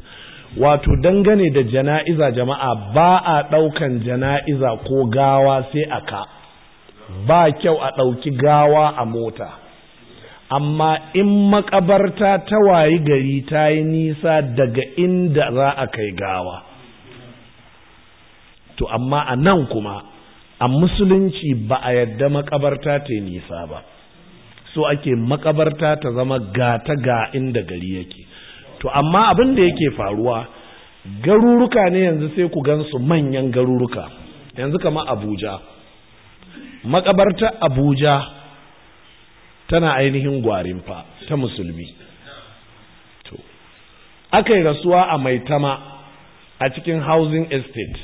wato dangane da jana'iza jama'a ba a ɗaukan jana'iza ko gawa sai a ka ba kyau a ɗauki gawa a mota amma in makabarta ta wayi gari ta yi nisa daga inda za a kai gawa to amma a nan kuma a musulunci ba a yadda makabarta ta nisa ba so ake makabarta ta zama gata ga inda gari yake to amma abin da yake faruwa garuruka ne yanzu sai ku gansu manyan garuruka yanzu kama abuja makabarta abuja tana ainihin gwarimfa ta musulmi aka yi rasuwa a maitama a cikin housing estate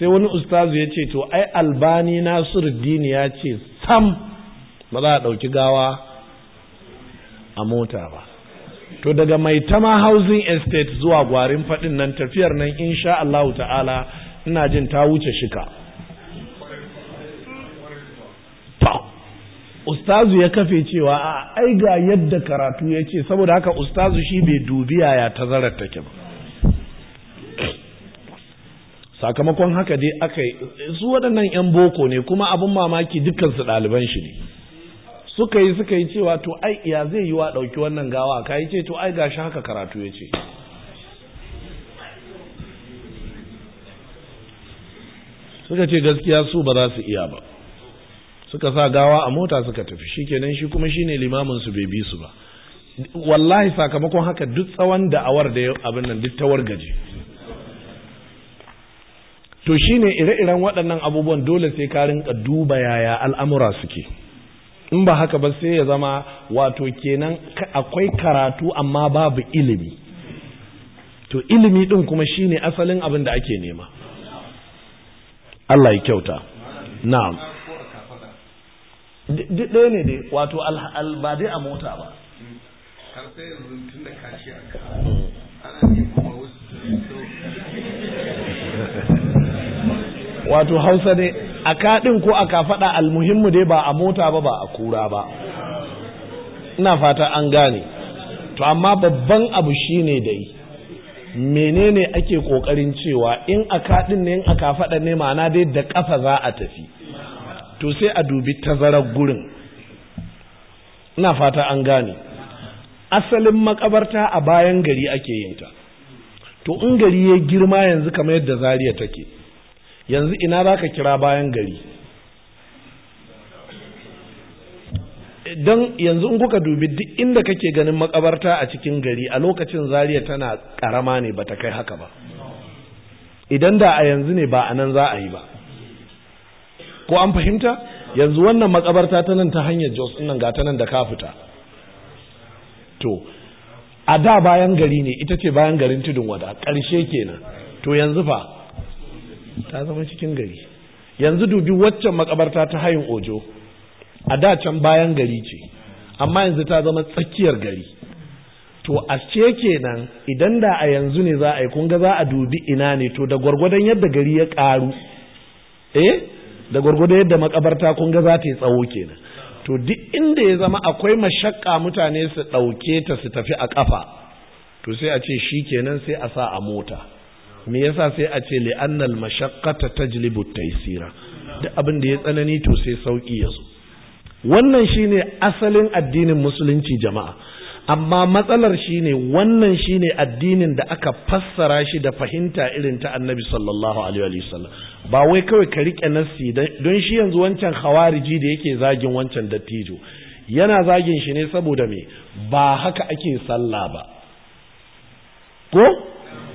sai wani ustazu ya ce to ai albani nasiruddini ya ce sam ba za a ɗauki gawa a mota ba to daga mai tama housing estate zuwa gwarin faɗin nan tafiyar nan insha Allah ta'ala ina jin ta wuce shika ustazu ya kafe cewa a ai ga yadda karatu ya ce saboda haka ustazu shi bai dubi yaya tazarar take ba sakamakon haka dai aka su waɗannan 'yan boko ne kuma abin mamaki dukkansu ɗaliban shi ne suka yi suka yi cewa to ai ya zai yi wa ɗauki wannan gawa ka yi ce to ai gashi haka karatu ya ce suka ce gaskiya su ba za su iya ba suka sa gawa a mota suka tafi shi kenan shi kuma shine limamin su bai bi su ba wallahi sakamakon haka duk tsawon da'awar da abin nan duk tawar gaji to shine ire-iren waɗannan abubuwan dole sai ka rinka duba yaya al'amura suke in ba haka ba sai ya zama wato kenan akwai karatu amma babu ilimi to ilimi ɗin kuma shine asalin abin da ake nema Allah ya kyauta na'am duk ɗaya ne dai wato ba dai a mota ba tun da kashi mm. ana wato hausa ne a kaɗin ko a kafaɗa almuhimmu dai ba a mota ba ba a kura ba ina fata an gane to amma babban abu shi shine dai menene ake kokarin cewa in a kaɗin ne in a kafaɗa ne ma'ana dai da ƙasa za a tafi to sai a dubi tazarar gurin ina fata an gane asalin makabarta a bayan gari ake yinta. to in gari ya girma yanzu kamar yadda zariya take yanzu ina za ka kira bayan gari don yanzu in kuka dubi duk inda kake ganin makabarta a cikin gari a lokacin zariya tana karama ne ba ta kai haka ba idan da a yanzu ne ba a nan za a yi ba ko an fahimta yanzu wannan makabarta ta nan ta hanyar jos nan ga ta nan da ka fita to a da bayan gari ne ita ce bayan garin tudun wada ƙarshe kenan to yanzu fa ta zama cikin gari yanzu dubi waccan makabarta ta hayin ojo a da can bayan gari ce amma yanzu ta zama tsakiyar gari to a ce kenan idan da a yanzu ne za a yi kun za a dubi ina ne to da gwargwadon yadda gari ya karu eh da gwargwadon yadda makabarta kunga za ta yi tsawo kenan to duk inda ya zama akwai mashakka mutane su ɗauke ta su tafi a ƙafa to sai a ce shi kenan sai a sa a mota me yasa sai a ce li'annal mashaqqata tajlibu taysira duk abin da ya tsanani to sai sauki ya zo wannan shine asalin addinin musulunci jama'a amma matsalar shine wannan shine addinin da aka fassara shi da fahimta irin ta annabi sallallahu alaihi sallam ba wai kawai ka rike nassi don shi yanzu wancan khawariji da yake zagin wancan dattijo yana zagin shi ne saboda me ba haka ake sallah ba ko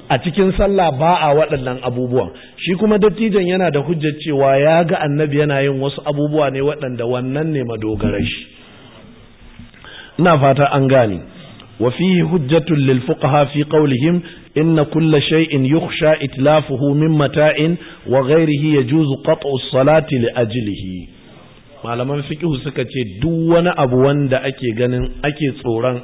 a cikin sallah ba a waɗannan abubuwan shi kuma dattijan yana da hujjar cewa ya ga annabi yana yin wasu abubuwa ne waɗanda wannan ne madogarai shi ina fata an gane wa fihi hujjatun lil fuqaha fi qawlihim inna kulla shay'in yukhsha itlafuhu min mata'in wa ghayrihi yajuzu qat'u as-salati li ajlihi malaman fiqh suka ce duk wani abu wanda ake ganin ake tsoron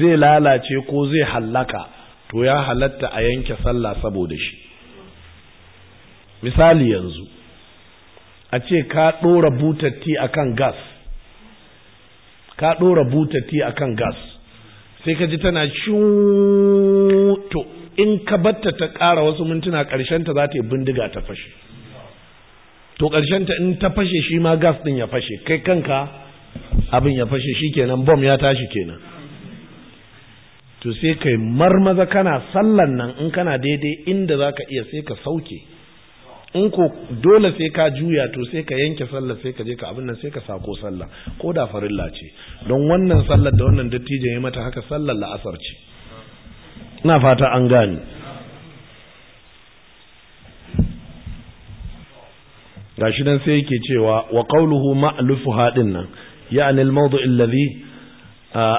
zai lalace ko zai hallaka to ya halatta a yanke sallah saboda shi misali yanzu a ce ka ɗora butatti a kan gas ka ɗora butatti a kan gas sai ka ji tana to in ka batta ta ƙara wasu mintuna ƙarshenta za ta yi bindiga ta fashe to ƙarshenta in ta fashe shi ma gas ɗin ya fashe kai kanka abin ya fashe shi kenan bom ya tashi kenan to sai kai marmaza kana sallan nan in kana daidai inda za ka iya sai ka sauke in ko dole sai ka juya to sai ka yanke sallar sai ka je ka abin nan sai ka sako sallar. ko da farilla ce don wannan sallar da wannan dattijan ya mata haka sallar la'asar ce ina fata an gani. gashi nan sai yake cewa wa qawluhu ma'lufu hadin nan ya'ni al-mawdu' alladhi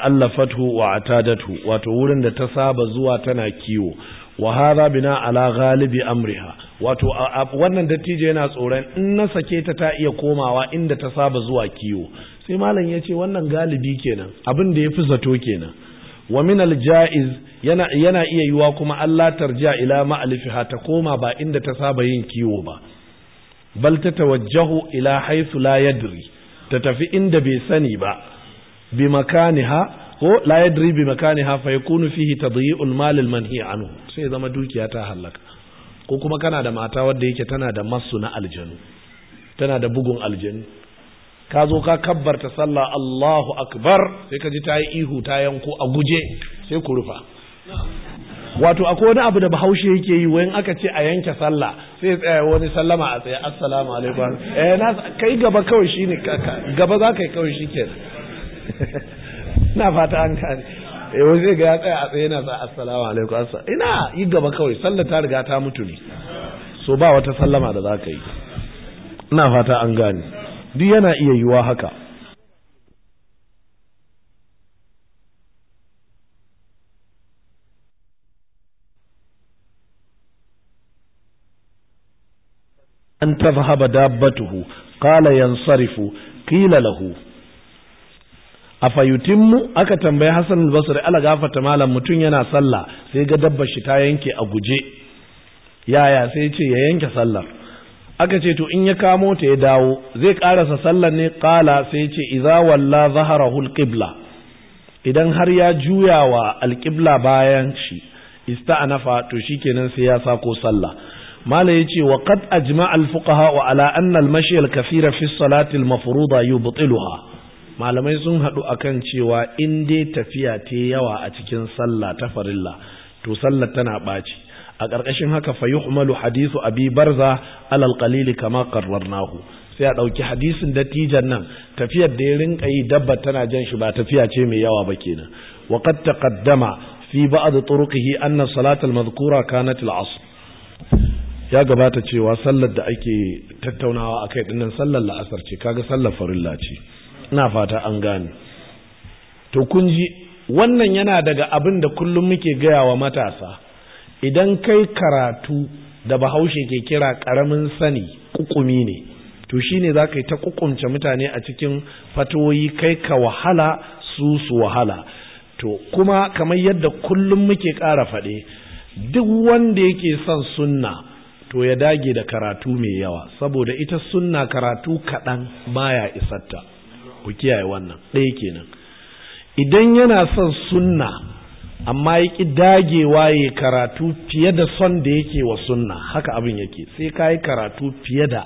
allafatu wa atadathu wato wurin da ta saba zuwa tana kiwo wa hadha bina ala ghalibi amriha wato wannan dattijo yana tsoron in na sake ta ta iya komawa inda ta saba zuwa kiwo sai malam yace wannan galibi kenan abin da yafi zato kenan wa min aljaiz yana yana iya yiwa kuma Allah tarja ila ma'alifiha ta koma ba inda ta saba yin kiwo ba bal ta tawajjahu ila haythu la yadri ta tafi inda bai sani ba Bimakaniha ko la yadri bi fa yakunu fihi tadyi'ul mal al manhi anhu sai zama dukiya ta halaka ko kuma kana da mata wadda yake tana da masu na aljanu tana da bugun aljanu ka zo ka kabbarta sallah Allahu akbar sai ka ji ta yi ihu ta yanko a guje sai ku rufa wato akwai wani abu da bahaushe yake yi wayan aka ce a yanke sallah sai ya tsaya wani sallama a tsaye assalamu alaikum eh na kai gaba kawai shine gaba za ka yi kawai shikenan na fata an kare eh, wani zai ga ya tsaya a tsaye na sa assalamu alaikum ina yi gaba kawai sallar ta riga ta mutu ne so ba wata sallama da za ka yi ina fata an gane duk yana iya yiwa haka an tafi haba dabbatuhu qala sarifu, qila lahu a fayutinmu aka tambayi hassan al-Basir ala gafata malam mutum yana sallah sai ga dabbar shi ta yanke a guje yaya sai ce ya yanke sallar aka ce to in ya kamo ta ya dawo zai karasa sallar ne kala sai ce iza walla zaharahul qibla idan har ya juya wa alƙibla bayan shi ista'anafa to shi shikenan sai ya sako sallah mala yace wa qad ajma'a al fuqaha ala anna al mashi al kathira fi salati al mafruḍa malamai sun haɗu akan cewa in dai tafiya ta yawa a cikin sallah ta farilla to sallar tana ɓaci a ƙarƙashin haka fa yuhmalu hadisu abi barza alal qalili kama qarrarnahu sai a ɗauki hadisin dattijan nan tafiyar da ya rinka yi dabba tana jan shi ba tafiya ce mai yawa ba kenan wa qad taqaddama fi ba'd turuqihi anna salatal madhkura kanat al-asr ya gabata cewa sallar da ake tattaunawa akai dinnan sallar la'asar ce kaga sallar farilla ce ina fata an gane to kun ji wannan yana daga abin da kullum muke gaya wa matasa idan kai karatu da bahaushe ke kira karamin sani kukumi ne to shine za ka yi ta kukumce mutane a cikin fatoyi kai ka wahala su su wahala to kuma kamar yadda kullum muke ƙara faɗe duk wanda yake son sunna to ya dage da karatu mai yawa saboda ita sunna karatu kaɗan baya isarta ku kiyaye wannan ɗaya kenan idan yana son sunna amma ya ƙi dagewa ya karatu fiye da son da yake wa sunna haka abin yake sai ka yi karatu fiye da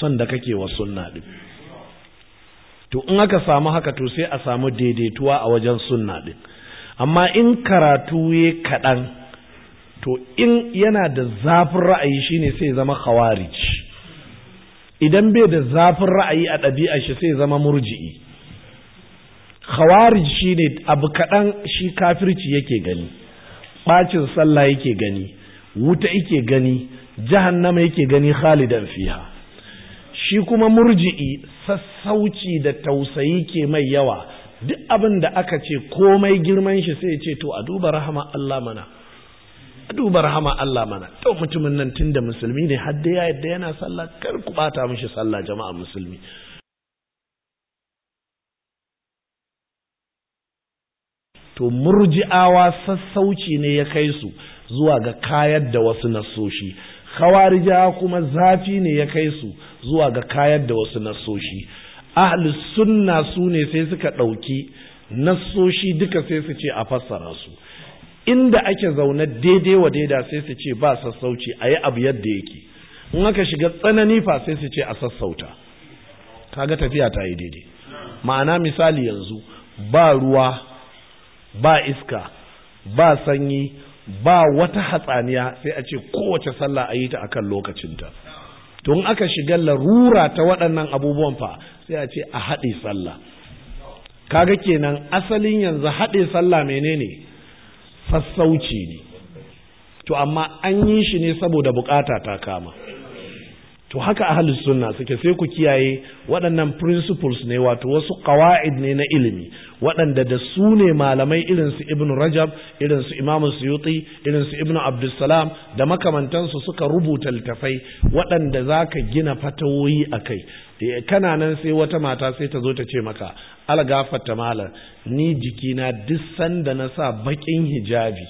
son da kake wa sunna ɗin to in aka samu haka to sai a samu daidaituwa a wajen sunna ɗin amma in karatu ya kaɗan to in yana da zafin ra'ayi shine sai zama khawarij idan bai da zafin ra'ayi a ɗabi'a shi sai zama murji'i khawarij shine abu kaɗan shi kafirci yake gani ɓacin sallah yake gani wuta yake gani jahannama yake gani khalidan fiha shi kuma murji'i sassauci da tausayi ke mai yawa duk abin da aka ce komai girman shi sai ce to a duba rahama Allah mana duba rahama Allah mana to mutumin nan tun da musulmi ne hadda ya yadda yana sallah kar ku bata mishi sallah jama'a musulmi to murji'awa sassauci ne ya kai su zuwa ga kayar da wasu nasoshi, khawarija kuma zafi ne ya kai su zuwa ga kayar da wasu nasoshi, ahli sunna su ne sai suka ɗauki nassoshi duka sai su ce a fassara su inda ake zaune daidai wa daida sai su ce ba sassauci a yi abu yadda yake in aka shiga tsanani fa sai su ce a sassauta kaga tafiya ta yi daidai ma'ana misali yanzu ba ruwa ba iska ba sanyi ba wata hatsaniya sai a ce kowace sallah a yi ta akan lokacinta tun aka shiga larura ta waɗannan abubuwan fa sai a ce a haɗe sallah kaga kenan asalin yanzu haɗe sallah menene sassauci ne to amma an yi shi ne saboda bukata ta kama to haka ahlus sunna suke sai ku kiyaye waɗannan principles ne wato wasu qawaid ne na ilimi waɗanda da su ne malamai irinsu su ibn rajab irin su imam suyuti irin su ibn abdussalam da makamantansu suka rubuta littafai waɗanda zaka gina fatawoyi a kai. Eh, kana nan sai wata mata sai ta zo ta ce maka algafatta malam ni jikina duk sanda na sa bakin hijabi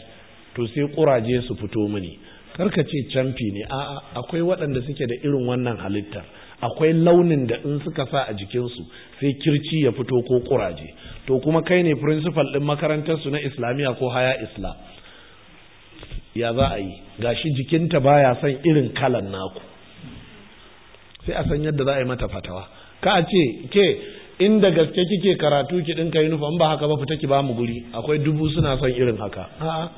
to sai kuraje su fito mini karka ce canfi ne a'a akwai waɗanda suke da irin wannan halittar akwai launin da in suka sa a jikinsu sai kirci ya fito ko kuraje to kuma kai ne principal ɗin makarantarsu na islamiyya ko haya islam ya za a yi gashi jikinta baya son irin kalan naku sai a san yadda za a yi mata fatawa ka a ce ke inda gaske kike karatu ki dinka yi nufa in ba haka ba fita ki ba mu guri akwai dubu suna son irin haka a'a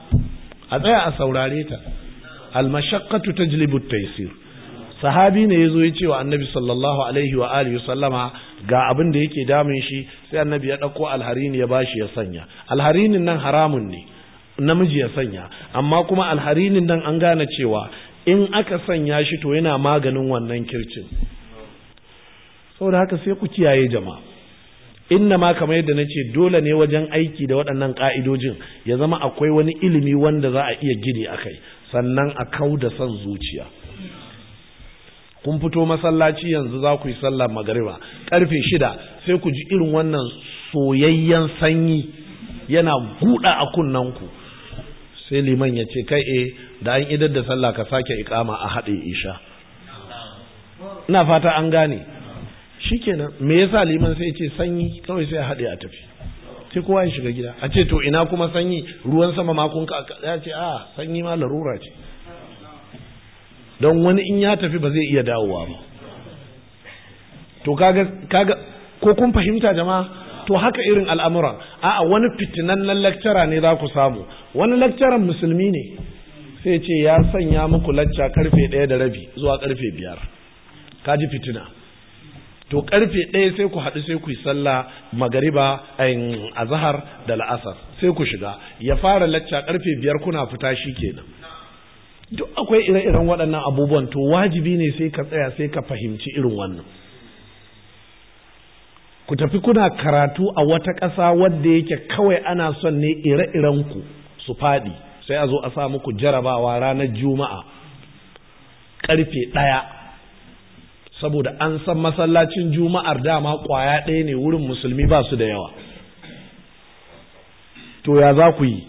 a tsaya a saurare ta almashaqqatu tajlibu taysir sahabi ne yazo ya ce wa annabi sallallahu alaihi wa alihi sallama ga abin da yake damun shi sai annabi ya dauko Al-harin ya bashi ya sanya Al-harin nan haramun ne namiji ya sanya amma kuma alharinin nan an gane cewa in aka sanya shi to yana maganin wannan kircin saboda haka sai ku kiyaye jama'a inna ma kamar yadda na ce dole ne wajen aiki da waɗannan ƙa'idojin ya zama akwai wani ilimi wanda za a iya gini a kai, sannan a kau da son zuciya kun fito masallaci yanzu za ku yi sallar magariba Ƙarfe shida sai ku ji irin wannan soyayyen sanyi yana buɗa a kunnanku sai liman ya ce kai eh da an idar da sallah ka sake ikama a haɗe isha ina fata an gane shikenan me yasa liman sai ce sanyi kawai sai a haɗe a tafi sai kowa ya shiga gida a ce to ina kuma sanyi ruwan sama ma ka ya ce a sanyi ma larura ce don wani in ya tafi ba zai iya dawowa ba to kaga kaga ko kun fahimta jama'a to haka irin al'amuran a'a wani fitinannen lakcara ne za ku samu wani lakcaran musulmi ne sai ce ya sanya muku lacca karfe ɗaya da rabi zuwa karfe biyar ka ji fitina to karfe ɗaya sai ku haɗu sai ku yi sallah magariba a azahar da la'asar sai ku shiga ya fara lacca karfe biyar kuna fita shi kenan duk akwai ire-iren waɗannan abubuwan to wajibi ne sai ka tsaya sai ka fahimci irin wannan ku tafi kuna karatu a wata ƙasa wadda yake kawai ana son ne ire irenku su faɗi sai a zo a sa muku jarabawa ranar juma'a ƙarfe ɗaya saboda an san masallacin juma'ar dama ƙwaya ɗaya ne wurin musulmi ba su da yawa to ya za ku yi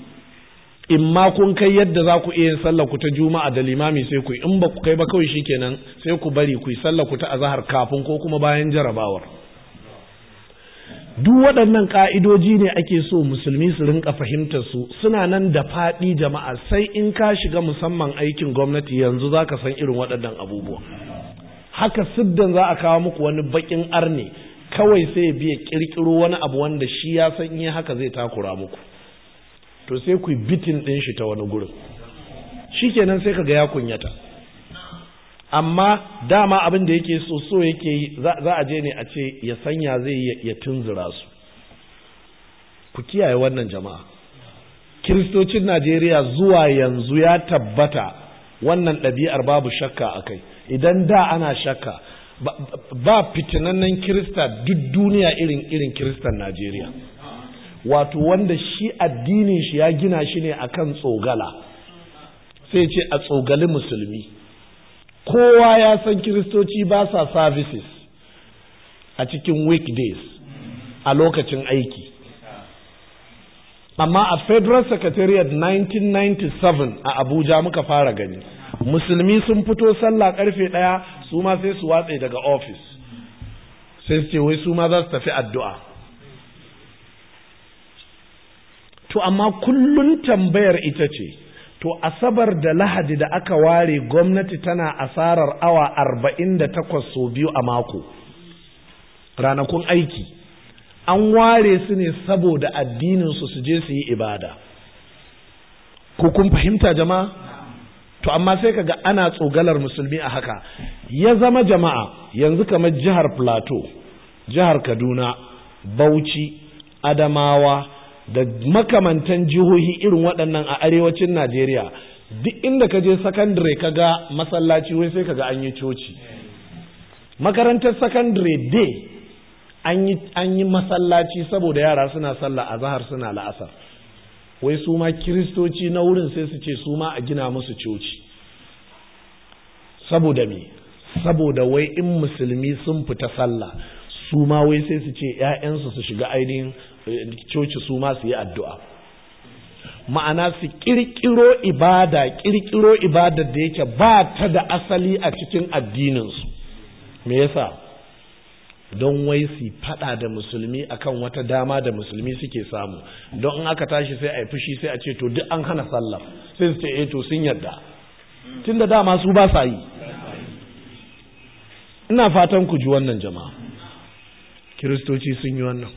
in ma kun kai yadda za ku iya sallar ku ta juma'a da limami sai ku in ba ku kai ba kawai shikenan sai ku bari ku yi sallar ku ta azahar kafin ko kuma bayan jarabawar duk waɗannan ƙa'idoji ne ake so musulmi su rinka fahimtar su suna nan da faɗi jama'a sai in ka shiga musamman aikin gwamnati yanzu za ka san irin waɗannan abubuwa haka siddan za a kawo muku wani baƙin arne kawai sai ya biya ƙirƙiro wani abu wanda shi ya san yi haka zai takura muku to sai ku bitin ɗin shi ta wani gurin Shi kenan sai ka ga ya kunyata amma dama abin da yake so so yake yi za a je ne a ce ya sanya zai ya tunzura su ku kiyaye wannan jama'a kiristocin najeriya zuwa yanzu ya tabbata wannan ɗabi'ar babu shakka a kai idan da ana shakka ba fitinannen kirista duk duniya irin irin kiristan najeriya wato wanda shi addinin shi ya gina shi ne akan tsogala sai ce a tsogali musulmi kowa ya san kiristoci ba sa services a cikin weekdays a lokacin aiki amma a federal secretariat 1997 a abuja muka fara gani musulmi sun fito sallah karfe ɗaya su ma sai su watse daga ofis sai su ce wai su ma za su tafi addu'a to amma kullun tambayar ita ce to asabar da lahadi da aka ware gwamnati tana asarar awa arba'in da takwas sau biyu a mako ranakun aiki an ware su ne saboda addininsu su je su yi ibada ko kun fahimta jama'a to amma sai kaga ana tsogalar musulmi a haka ya zama jama'a yanzu kamar jihar plateau jihar kaduna bauchi adamawa da makamantan jihohi irin waɗannan a arewacin najeriya duk inda ka je sakandare ka ga masallaci wai sai ka ga an yi coci makarantar sakandare dai an yi masallaci saboda yara suna sallah a zahar suna la'asar wai su ma kiristoci na wurin sai su ce su ma a gina musu coci saboda me saboda wai in musulmi sun fita sallah su ma wai sai su ce ‘ya'yansu su shiga ainihin coci su ma su yi addu'a ma'ana su ƙirƙiro ibada ƙirƙiro ibada da yake ba ta da asali a cikin addininsu me yasa don wai su fada da musulmi akan wata dama da musulmi suke samu don in aka tashi sai a yi fushi sai a ce to duk an hana sallah sai su ce eh to sun yarda tunda dama su ba sa yi ina fatan ku ji wannan jama'a kiristoci sun yi wannan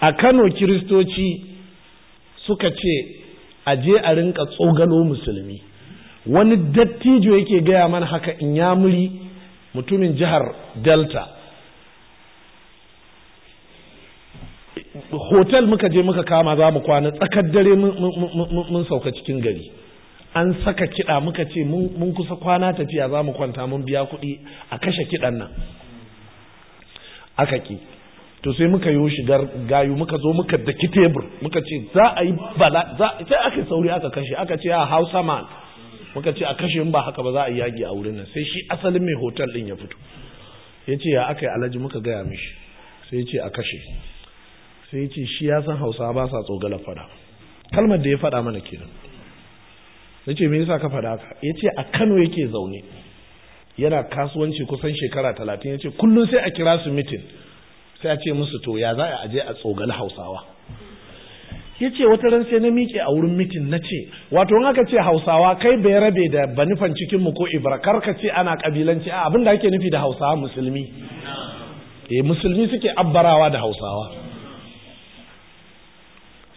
a kano kiristoci suka ce a je a rinka tsogalo musulmi wani dattijo yake gaya mana haka in ya muri mutumin jihar delta hotel muka je muka kama za mu kwana tsakar dare mun sauka cikin gari an saka kiɗa muka ce mun kusa kwana tafiya za mu kwanta mun biya kuɗi a kashe kiɗan nan aka ki to sai muka yi shigar gayu muka zo muka daki tebur muka ce za a yi bala za sai aka sauri aka kashe aka ce a hausa man muka ce a kashe in ba haka ba za a yi yaki a wurin nan sai shi asalin mai hotel din ya fito ya ce ya aka yi alhaji muka gaya mishi sai ya ce a kashe sai ya ce shi ya san hausa ba sa tsogala fada kalmar da ya fada mana kenan ya ce me yasa ka fada haka ya ce a kano yake zaune yana kasuwanci kusan shekara talatin ya ce kullum sai a kira su mitin sai ya ce musu to ya za a aje a tsogal hausawa ya ce wata ran sai na miƙe a wurin mitin na ce wato in aka ce hausawa kai bai rabe da banufan cikinmu ko ibrakar ka ce ana ƙabilanci a abin da ake nufi da hausawa musulmi E, musulmi suke abbarawa da hausawa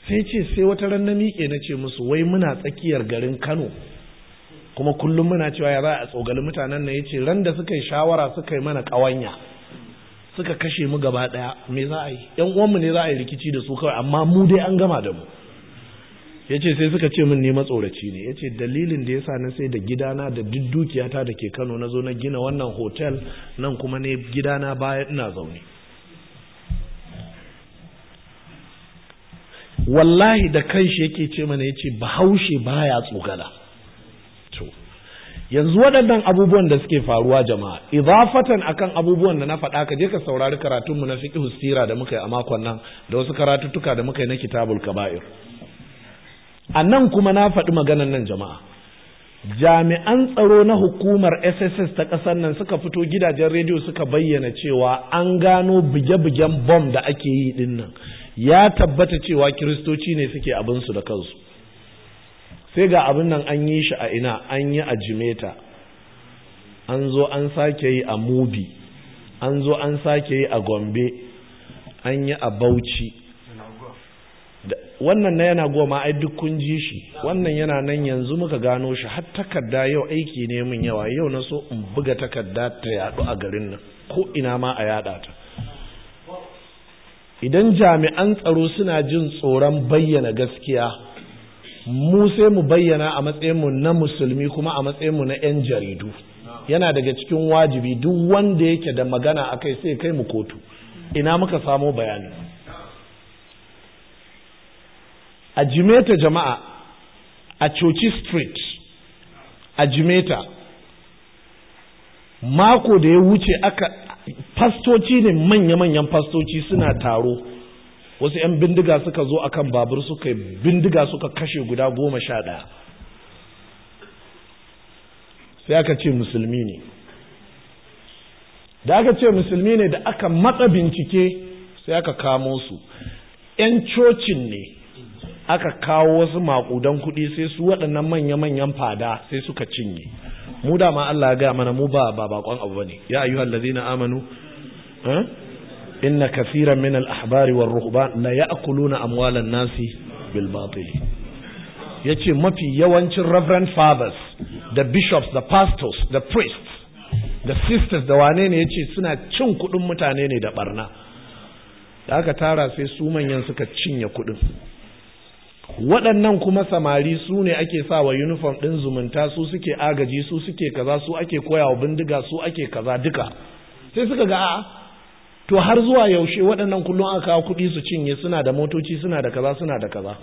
sai ce sai wata ran na miƙe na ce musu wai muna tsakiyar garin kano kuma kullum muna cewa ya za a tsogali mutanen na ya ce ran da suka yi shawara suka yi mana ƙawanya suka kashe mu gaba ɗaya me za a yi yan uwanmu ne za a yi rikici da su kawai amma mu dai an gama da mu ya ce sai suka ce min ne matsoraci ne ya ce dalilin da ya sa na sai da gidana da duk dukiyata da ke kano na zo na gina wannan hotel nan kuma ne gidana baya ina zaune wallahi da kanshi yake ce mana ya ce bahaushe baya tsogala yanzu waɗannan abubuwan da suke faruwa jama'a idafatan akan abubuwan da na faɗa ka je ka saurari karatun mu na fiqh sira da muka yi a makon nan da wasu karatuttuka da muka yi na kitabul kaba'ir a kuma na faɗi maganan nan jama'a jami'an tsaro na hukumar sss ta ƙasar nan suka fito gidajen rediyo suka bayyana cewa an gano buge-bugen bom da ake yi ɗin ya tabbata cewa kiristoci ne suke abinsu da kansu sai ga abin nan an yi shi a ina an yi a jimeta an zo an sake yi a mubi an zo an sake yi a gombe an yi a bauchi wannan na yana goma ai duk kun ji shi wannan yana nan yanzu muka gano shi har takarda yau aiki ne mun yawa yau na so in buga takarda ta yadu a garin nan ko ina ma a yada ta idan jami'an tsaro suna jin tsoron bayyana gaskiya mu sai mu bayyana a matsayinmu na musulmi kuma a mu na 'yan jaridu yana daga cikin wajibi duk wanda yake da magana a kai sai kai mu kotu ina muka samo bayani a jimeta jama'a a coci street a jimeta mako da ya wuce aka fastoci ne manya-manyan fastoci suna taro wasu 'yan bindiga suka zo akan babur suka bindiga suka kashe guda goma sha ɗaya sai aka ce musulmi ne da aka ce musulmi ne da aka matsa bincike sai aka kamo su 'yan cocin ne aka kawo wasu maƙudan kuɗi sai su waɗannan manya-manyan fada sai suka cinye mu da ma Allah ya gaya mana mu ba ba bakon abu ne. ya ayyuhal ladzina amanu eh? inna kafiran min al-ahbari war ruhban la ya'kuluna amwalan nasi bil Ya yace mafi yawancin reverend fathers da bishops da pastors da priests da sisters da wane ne yace suna cin kudin mutane ne da barna da aka tara sai su manyan suka cinye kudin waɗannan kuma samari su ne ake sa wa uniform ɗin zumunta su suke agaji su suke kaza su ake koya wa bindiga su ake kaza duka sai suka ga a'a? to har zuwa yaushe waɗannan kullum aka kawo kuɗi su cinye suna da motoci suna da kaza suna da kaza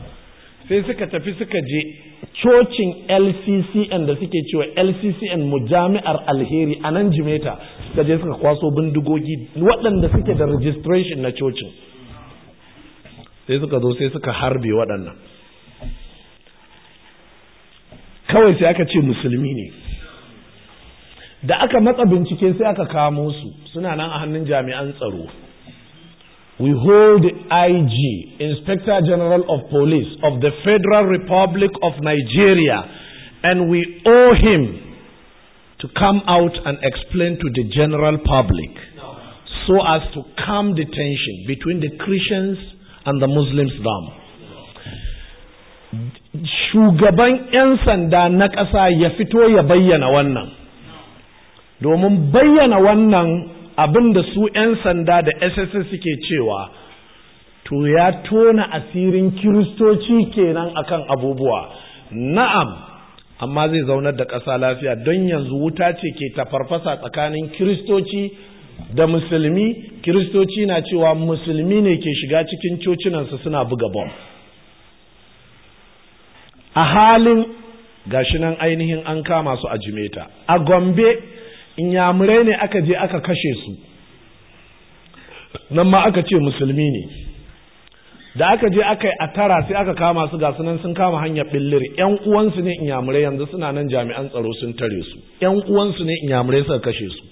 sai suka tafi suka je cocin lccn da suke cewa lccn mujami'ar alheri a nan jimeta suka je suka kwaso bindigogi waɗanda suke da registration na cocin sai suka zo sai suka harbe waɗannan kawai sai aka ce musulmi ne da aka matsa bincike sai aka kamo su suna nan a hannun jami'an tsaro we hold IG Inspector General of Police of the Federal Republic of Nigeria and we owe him to come out and explain to the general public so as to calm the tension between the Christians and the Muslims down. Shugaban 'yan sanda na ƙasa ya fito ya bayyana wannan. domin bayyana wannan abin da su 'yan sanda da sss suke cewa to ya tona asirin kiristoci kenan akan abubuwa na'am amma zai zaunar da ƙasa lafiya don yanzu wuta ce ke tafarfasa tsakanin kiristoci da musulmi kiristoci na cewa musulmi ne ke shiga cikin cocinansu suna buga bom a halin gashi nan ainihin an kama su a jimeta a gombe inyamurai ne aka je aka kashe su nan ma aka ce musulmi ne da aka je aka yi a tara sai aka kama su ga sunan sun kama hanyar billir yan uwansu ne inyamurai yanzu suna nan jami'an tsaro sun tare su yan uwansu ne inyamurai suka kashe su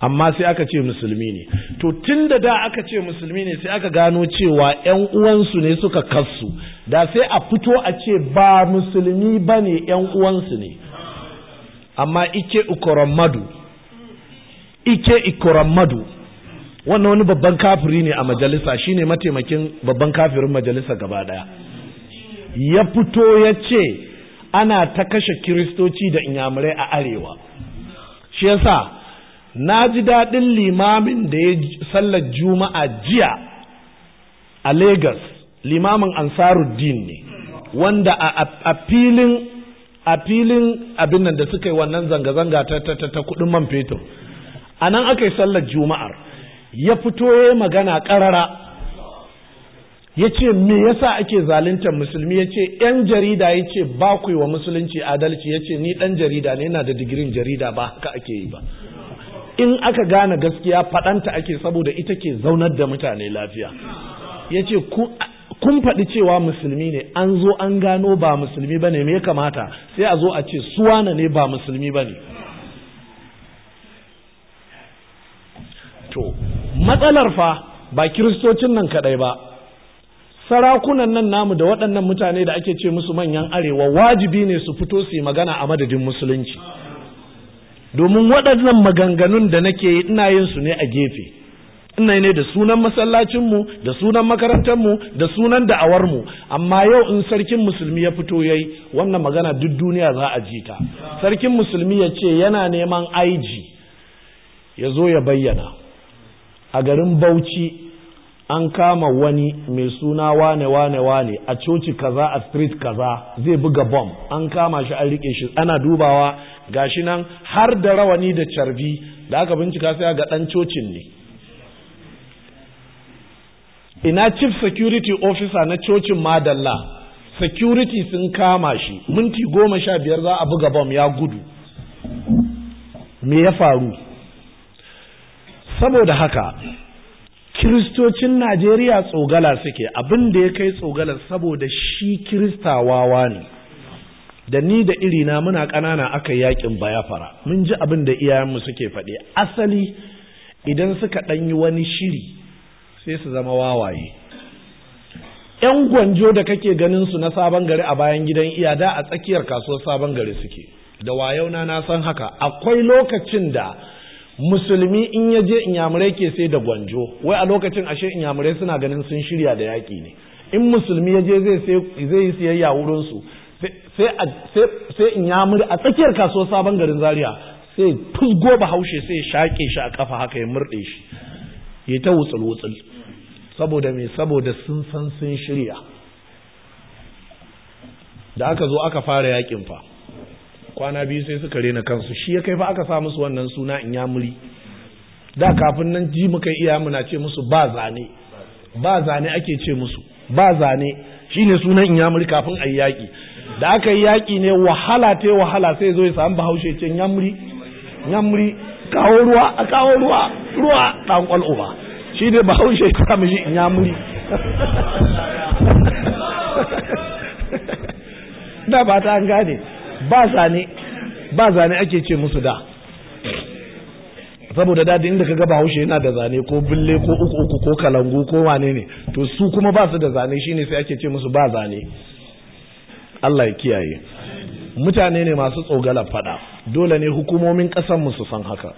amma sai aka ce musulmi ne to tun da da aka ce musulmi ne sai aka gano cewa yan uwansu ne suka kassu da sai a fito a ce ba musulmi ba ne yan uwansu ne amma ike ukoromadu ike ikoramadu wannan wani babban kafiri ne a majalisa shine mataimakin babban kafirin majalisa gaba daya ya fito ya ce ana ta kashe kiristoci da inyamurai a arewa shi yasa na ji daɗin limamin da ya sallar juma'a jiya a Legas, limamin ansaruddin ne wanda a filin a abin da suka yi wannan zanga-zanga ta kudin man fetur a nan aka yi sallar juma'ar ya fito ya magana ƙarara ya ce me yasa ake zaluntar musulmi ya ce 'yan jarida ya ce ba ku wa musulunci adalci ya ce ni ɗan jarida ne yana da digirin jarida ba haka ake yi ba in aka gane gaskiya faɗanta ake saboda ita ke zaunar da mutane lafiya ya ce kun faɗi cewa musulmi ne an zo an gano ba musulmi ba ne me ya kamata sai a zo a ce suwana ne ba musulmi ba ne to matsalar fa ba kiristocin nan kadai ba sarakunan nan namu da waɗannan mutane da ake ce musu manyan arewa wajibi ne su fito su yi magana a madadin musulunci domin waɗannan maganganun da nake yi ina yin su ne a gefe ina ne da sunan masallacinmu da sunan makarantar mu, da sunan da'awarmu amma yau in sarkin musulmi ya fito yayi wannan magana duk duniya za a ji ta sarkin musulmi ya ce yana neman aiji ya zo ya bayyana a garin bauchi an kama wani mai suna wane wane wane a coci kaza a street kaza zai buga bom an kama shi an rike shi ana dubawa Ga shi nan har da rawani da carbi da aka bincika sai ga dan cocin ne ina chief security officer na cocin madalla security sun kama shi minti goma sha biyar za a buga bom ya gudu me ya faru saboda haka kiristocin najeriya tsogala suke abin da ya kai tsogala saboda shi kirista wawa ne da ni da irina muna ƙanana aka yakin bayafara mun ji abin da iyayenmu suke faɗi asali idan suka ɗanyi wani shiri sai su zama wawaye Ƴan gwanjo da kake ganin su na sabon gari a bayan gidan iya da a tsakiyar kasuwar sabon gari suke da wayauna na san haka akwai lokacin da musulmi in ya je inyamurai ke sai da gwanjo wai a lokacin ashe inyamurai suna ganin sun shirya da yaƙi ne in musulmi ya je zai yi siyayya wurinsu sai inyamuri a tsakiyar kasuwar sabon garin Zariya sai ba bahaushe sai ya shaƙe shi a kafa haka ya murɗe shi ya ta wutsul wutsul saboda me saboda sun san sun shirya da aka zo aka fara yaƙin fa kwana biyu sai suka rena kansu shi ya kai fa aka sa musu wannan suna in muri da kafin nan ji muka iya muna ce musu ba zane ba zane ake ce musu ba zane shi ne sunan in muri kafin a yaƙi da aka yi yaƙi ne wahala ta wahala sai zo ya samu bahaushe ce ya muri kawo ruwa a kawo ruwa ruwa ɗan kwal'o ba shi ne bahaushe ya samu shi in muri da ba ta an gane ba zane ba zane ake ce musu da saboda dadi inda ka gaba haushe yana da zane ko bille ko uku uku ko kalangu ko wane ne to su kuma ba su da zane shine sai ake ce musu ba zane Allah ya kiyaye mutane ne masu tsogalar fada dole ne hukumomin kasan su san haka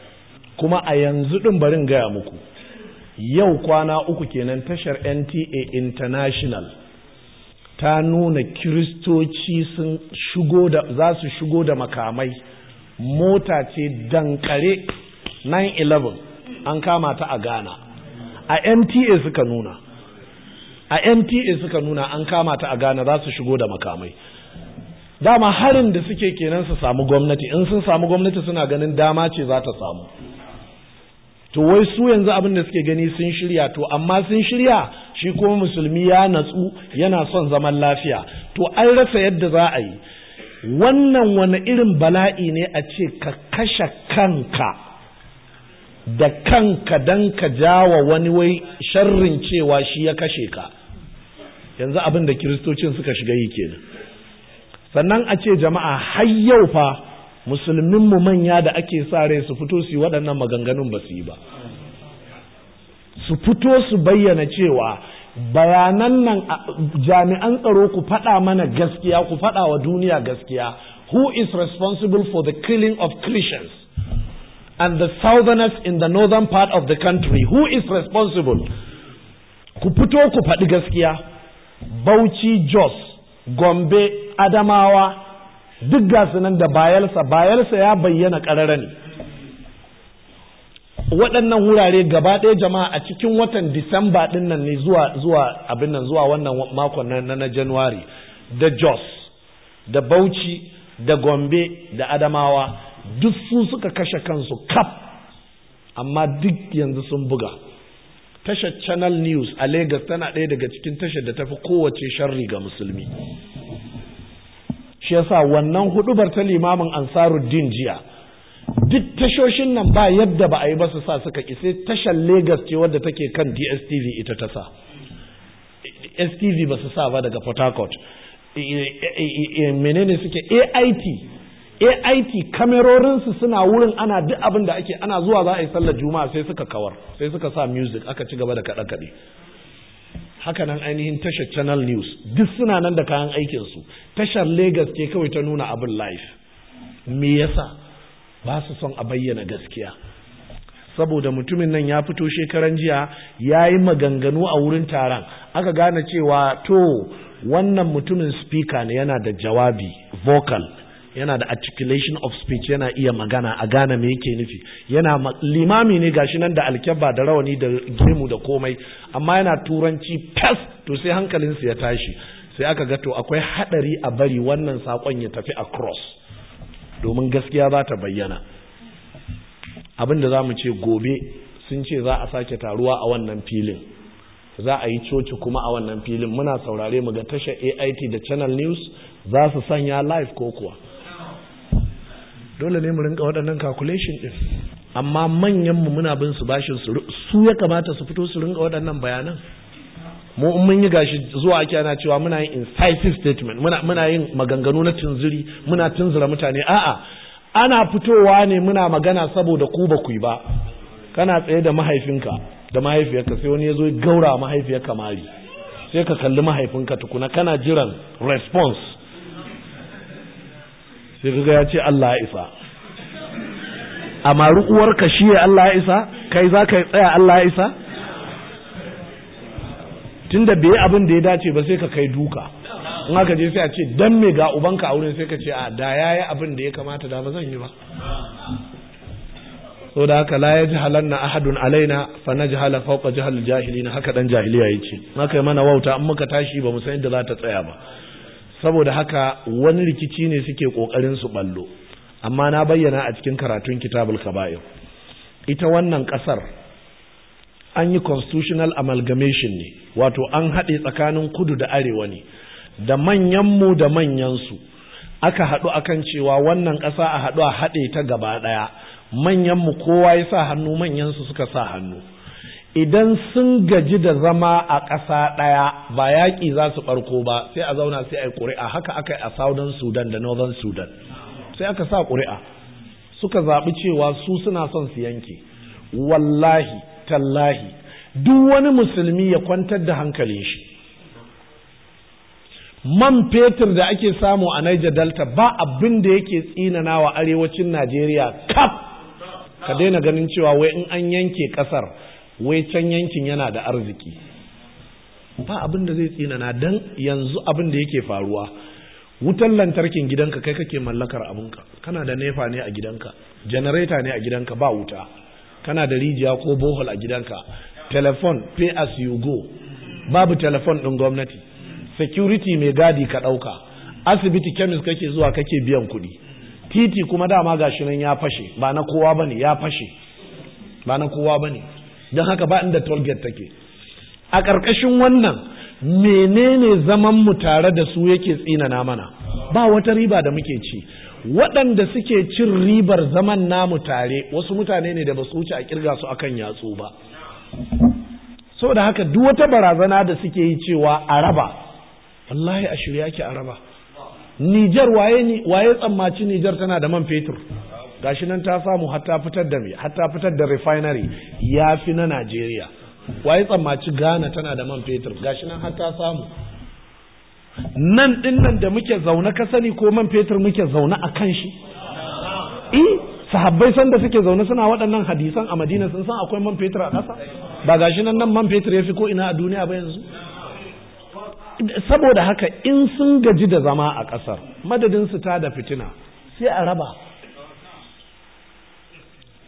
kuma a yanzu din barin gaya muku yau kwana uku kenan tashar NTA International ta nuna kiristoci sun shigo da za su shigo da makamai mota ce dankare 9-11 an kama ta a ghana a mta suka nuna a mta suka nuna an kama ta a ghana za su shigo da makamai dama harin da suke kenan su samu gwamnati in sun samu gwamnati suna ganin dama ce za ta samu to wai su yanzu abin da suke gani sun shirya to amma sun shirya shi kuma musulmi ya natsu yana son zaman lafiya to an rasa yadda za a yi wannan wani irin bala'i ne a ce ka kashe kanka da kanka don ka jawa wani wai sharrin cewa shi ya kashe ka yanzu abin da kiristocin suka shiga yi kenan sannan a ce jama'a har yau fa musulminmu manya da ake sa rai su fito su yi waɗannan maganganun ba su yi ba su fito su bayyana cewa bayanan nan jami'an tsaro ku faɗa mana gaskiya ku faɗa wa duniya gaskiya who is responsible for the killing of Christians and the southerners in the northern part of the country who is responsible ku fito ku faɗi gaskiya Bauchi Jos Gombe Adamawa duk gasu nan da bayelsa bayelsa ya bayyana ƙarara waɗannan wurare gaba ɗaya jama'a a cikin watan disamba ɗin nan ne zuwa zuwa abin nan zuwa wannan makon na na january da jos da bauchi da gombe da adamawa duk su suka kashe kansu kaf amma duk yanzu sun buga tashar channel news a lagos tana ɗaya daga cikin tashar da tafi kowace sharri ga musulmi shi yasa wannan hudubar ta limamin ansaruddin jiya duk tashoshin nan ba yadda ba a yi ba sa suka ki sai tashar Legas ce wadda take kan DSTV ita ta sa STV ba su sa ba daga Port Harcourt menene suke AIT AIT kamerorinsu suna wurin ana duk abin da ake ana zuwa za a yi sallar juma'a sai suka kawar sai suka sa music aka ci gaba da kaɗe kaɗe haka nan ainihin tashar channel news duk suna nan da kayan aikinsu tashar Legas ce kawai ta nuna abin live me yasa ba su son a bayyana gaskiya saboda mutumin nan ya fito shekaran jiya ya yi maganganu a wurin taron aka gane cewa to wannan mutumin speaker ne yana da jawabi vocal yana da articulation of speech yana iya magana a gane me yake nufi yana limami ne gashi nan da alkyabba da rawani da gemu da komai amma yana turanci pes to sai hankalinsa ya tashi sai aka ga to akwai hadari a bari wannan sakon ya tafi across domin gaskiya za ta bayyana abinda za mu ce gobe sun ce za a sake taruwa a wannan filin za a yi coci kuma a wannan filin muna saurare mu ga tashar AIT da Channel News za su sanya live ko kuwa dole ne mu rinka waɗannan calculation din amma manyanmu muna bin su bashin su ya kamata su fito su rinka waɗannan bayanan mu mun yi gashi zuwa ake ana cewa muna yin incisive statement muna muna yin maganganu na tunzuri muna tunzura mutane a'a ana fitowa ne muna magana saboda ku ba ba kana tsaye da mahaifinka da mahaifiyarka sai wani ya gaura mahaifiyarka mari sai ka kalli mahaifinka tukuna kana jiran response sai kaga ya ce Allah ya isa amma ru'uwarka shi ya Allah ya isa kai za ka tsaya Allah ya isa tunda bai abin da ya dace ba sai ka kai duka in aka je sai a ce dan me ga ubanka a wurin sai ka ce a da yayi abin da ya kamata da ba zan yi ba so da haka la yajhalanna ahadun alaina fa najhala jihar jahili na haka dan jahiliya ce. haka yi mana wauta in muka tashi ba mu san inda za ta tsaya ba saboda haka wani rikici ne suke kokarin su ballo amma na bayyana a cikin karatun kitabul kaba'ir ita wannan kasar an yi constitutional amalgamation ne wato an haɗe tsakanin kudu da arewa ne da manyanmu da manyansu aka haɗu akan cewa wannan ƙasa a haɗu a haɗe ta gaba ɗaya manyanmu kowa ya sa hannu manyansu suka sa hannu idan sun gaji da zama a ƙasa ɗaya ba yaƙi za su ɓarko ba sai a zauna sai a yi ƙuri'a haka aka yi a southern sudan da northern sudan sai aka sa ƙuri'a suka zaɓi cewa su suna son su yanke wallahi tallahi duk wani musulmi ya kwantar da hankalin shi man fetur da ake samu a Niger Delta ba abin da yake tsinana wa arewacin Najeriya kaf ka daina ganin cewa wai in an yanke kasar wai can yankin yana da arziki ba abin da zai tsinana don yanzu abin da yake faruwa wutan lantarkin gidanka kai kake mallakar abinka kana da nefa ne a gidanka janareta ne a gidanka ba wuta kana da rijiya ko bohol a gidanka telefon pay as you go babu telefon ɗin gwamnati security mai gadi ka ɗauka asibiti kemis kake zuwa kake biyan kuɗi titi kuma dama shi nan ya fashe ba na kowa ba ne ya fashe ba na kowa ba ne. don haka ba inda tollgate take a ƙarƙashin wannan menene zaman mu tare da su yake tsinana mana ba wata riba da muke ci waɗanda suke cin ribar zaman namu tare wasu mutane ne da ba su wuce a kirga su akan yatsu ba saboda haka duk wata barazana da suke yi cewa a raba wallahi a shirya ki a raba Nijar waye ni waye tsammaci Nijar tana da man fetur gashi nan ta samu hatta fitar da hatta fitar da refinery yafi na Najeriya waye tsammaci Ghana tana da man fetur gashi nan har ta samu nan ɗin nan da muke zaune ka sani ko man fetur muke zaune a kan shi eh sahabbai sanda suke zaune suna waɗannan hadisan a madina sun san akwai man fetur a ƙasa ba gashi nan nan man fetur ya fi ko ina a duniya ba yanzu saboda haka in sun gaji da zama a ƙasar madadin su ta da fitina sai a raba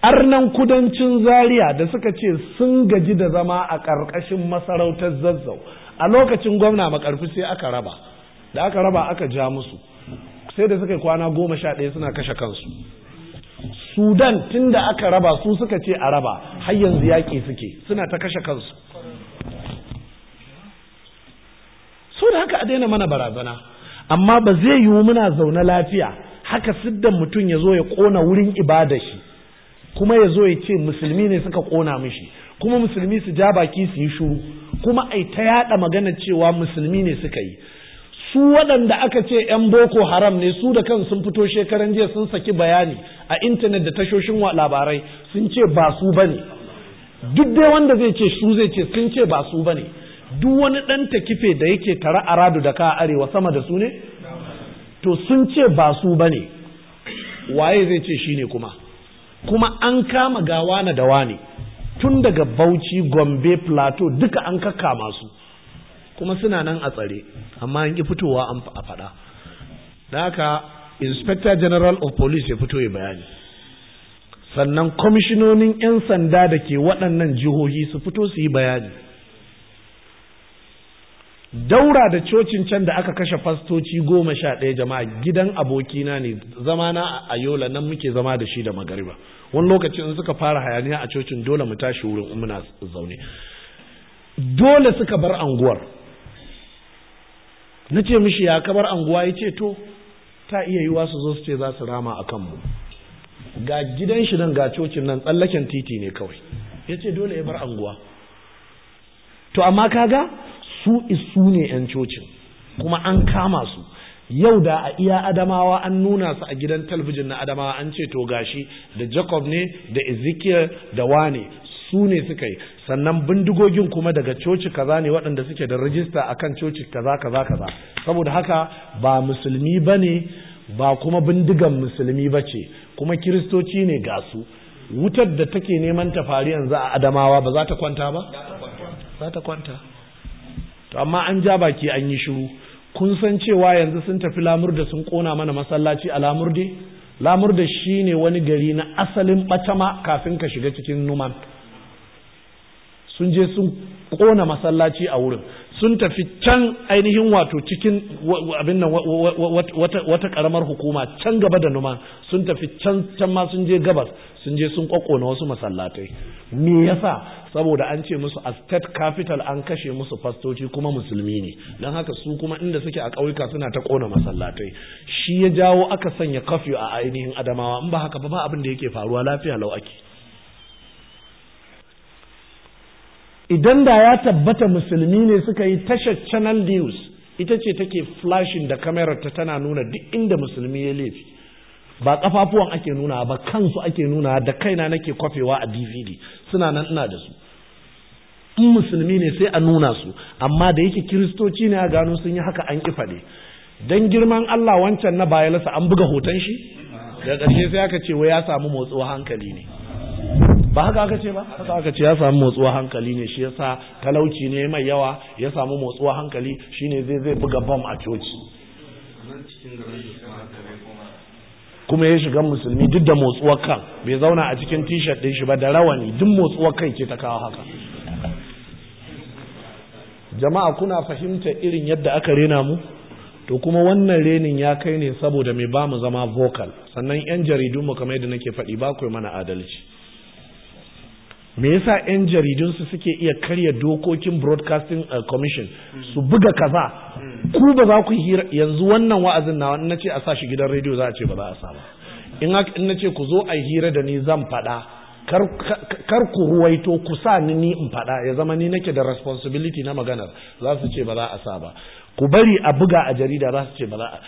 arnan kudancin zaria da suka ce sun gaji da zama a ƙarƙashin masarautar zazzau a lokacin gwamna makarfi sai aka raba da aka raba aka ja musu sai da suka kwana goma sha ɗaya suna kashe kansu sudan tun da aka raba su suka ce a raba har yanzu yaƙi suke suna ta kashe kansu so da haka a daina mana barazana amma ba zai yiwu muna zaune lafiya haka siddan mutum ya zo ya ƙona wurin ibada shi kuma ya zo ya ce musulmi ne suka ƙona mishi kuma musulmi su ja baki su yi shuru kuma ai ta yada magana cewa musulmi ne suka yi su waɗanda aka ce 'yan boko haram ne su da kan sun fito shekaran jiya sun saki bayani a intanet da tashoshin labarai sun ce ba su ba duk dai wanda zai ce su zai ce sun ce ba su ba duk wani ɗan ta kife da yake tara a radu da ka arewa sama da su ne to sun ce ba su ba waye zai ce shi ne kuma kuma an kama gawa na da wane tun daga bauchi gombe plateau duka an kakkama su kuma suna nan a tsare amma an ƙi fitowa an fada da haka inspector general of police ya fito ya bayani sannan kwamishinonin 'yan sanda da ke waɗannan jihohi su fito su yi bayani daura da cocin can da aka kashe fastoci goma sha ɗaya jama'a gidan abokina ne zamana a yola nan muke zama da shi da magariba wani lokaci in suka fara hayaniya a cocin dole mu tashi wurin muna zaune dole suka bar anguwar na ce mishi ya kabar anguwa ya ce to ta iya yiwa su zo su ce za su rama a kanmu ga gidan shi nan ga cocin nan tsallaken titi ne kawai ya ce dole ya bar anguwa to amma kaga su isu ne 'yan cocin kuma an kama su yau da a iya adamawa an nuna su a gidan talbijin na adamawa an ce to gashi da jacob ne da ezekiel da wane su ne suka yi sannan bindigogin kuma daga coci kaza ne waɗanda suke da rajista kan coci kaza kaza kaza saboda haka ba musulmi ba ne ba kuma bindigan musulmi ba ce kuma kiristoci ne ga su wutar da take neman ta faru yanzu a adamawa ba za ta kwanta ba za ta kwanta to amma an ja baki an yi shiru kun san cewa yanzu sun tafi lamurda sun kona mana masallaci a lamurde lamurda ne wani gari na asalin ɓatama kafin ka shiga cikin numan sun je sun kona masallaci a wurin sun tafi can ainihin wato cikin abin nan wata karamar hukuma can gaba da numan sun tafi can can ma sun je gabas sun je sun na wasu masallatai me yasa saboda an ce musu a state capital an kashe musu fastoci kuma musulmi ne don haka su kuma inda suke a ƙauyuka suna ta ƙona masallatai shi ya jawo aka sanya kafiyu a ainihin adamawa in ba haka ba abin da yake faruwa lafiya lau ake idan da ya tabbata musulmi ne suka yi tashar channel news ita ce take flashing da kamerar ta tana nuna duk inda musulmi ya laifi ba kafafuwan ake nuna ba kansu ake nuna da kaina nake kwafewa a DVD suna nan ina da su in musulmi ne sai a nuna su amma da yake kiristoci ne a gano sun yi haka an kifa ne dan girman Allah wancan na bayalasa an buga hoton shi da ƙarshe sai aka ce wai ya samu motsuwa hankali ne ba haka aka ce ba haka aka ce ya samu motsuwa hankali ne shi yasa talauci ne mai yawa ya samu motsuwa hankali shine zai zai buga bom a coci kuma ya shiga musulmi duk da motsuwar kan bai zauna a cikin t-shirt ɗin shi ba da rawani duk motsuwar kai ke ta kawo haka jama'a kuna fahimta irin yadda aka rena mu to kuma wannan renin ya kai ne saboda mai ba mu zama vocal sannan yan jaridu mu kamar yadda nake faɗi ba ku mana adalci me yasa 'yan jaridunsu suke iya karya dokokin broadcasting uh, commission su buga kaza mm. ku ba za ku hira yanzu wannan wa'azin na wani ce a sa shi gidan rediyo za a ce ba za a sa ba in na ce ku zo a hira da ni zan faɗa kar ku ruwaito ku sa ni ni in faɗa ya zama ni nake da responsibility na maganar za su ce ba za a sa ba ku bari a buga a jarida za su ce ba za a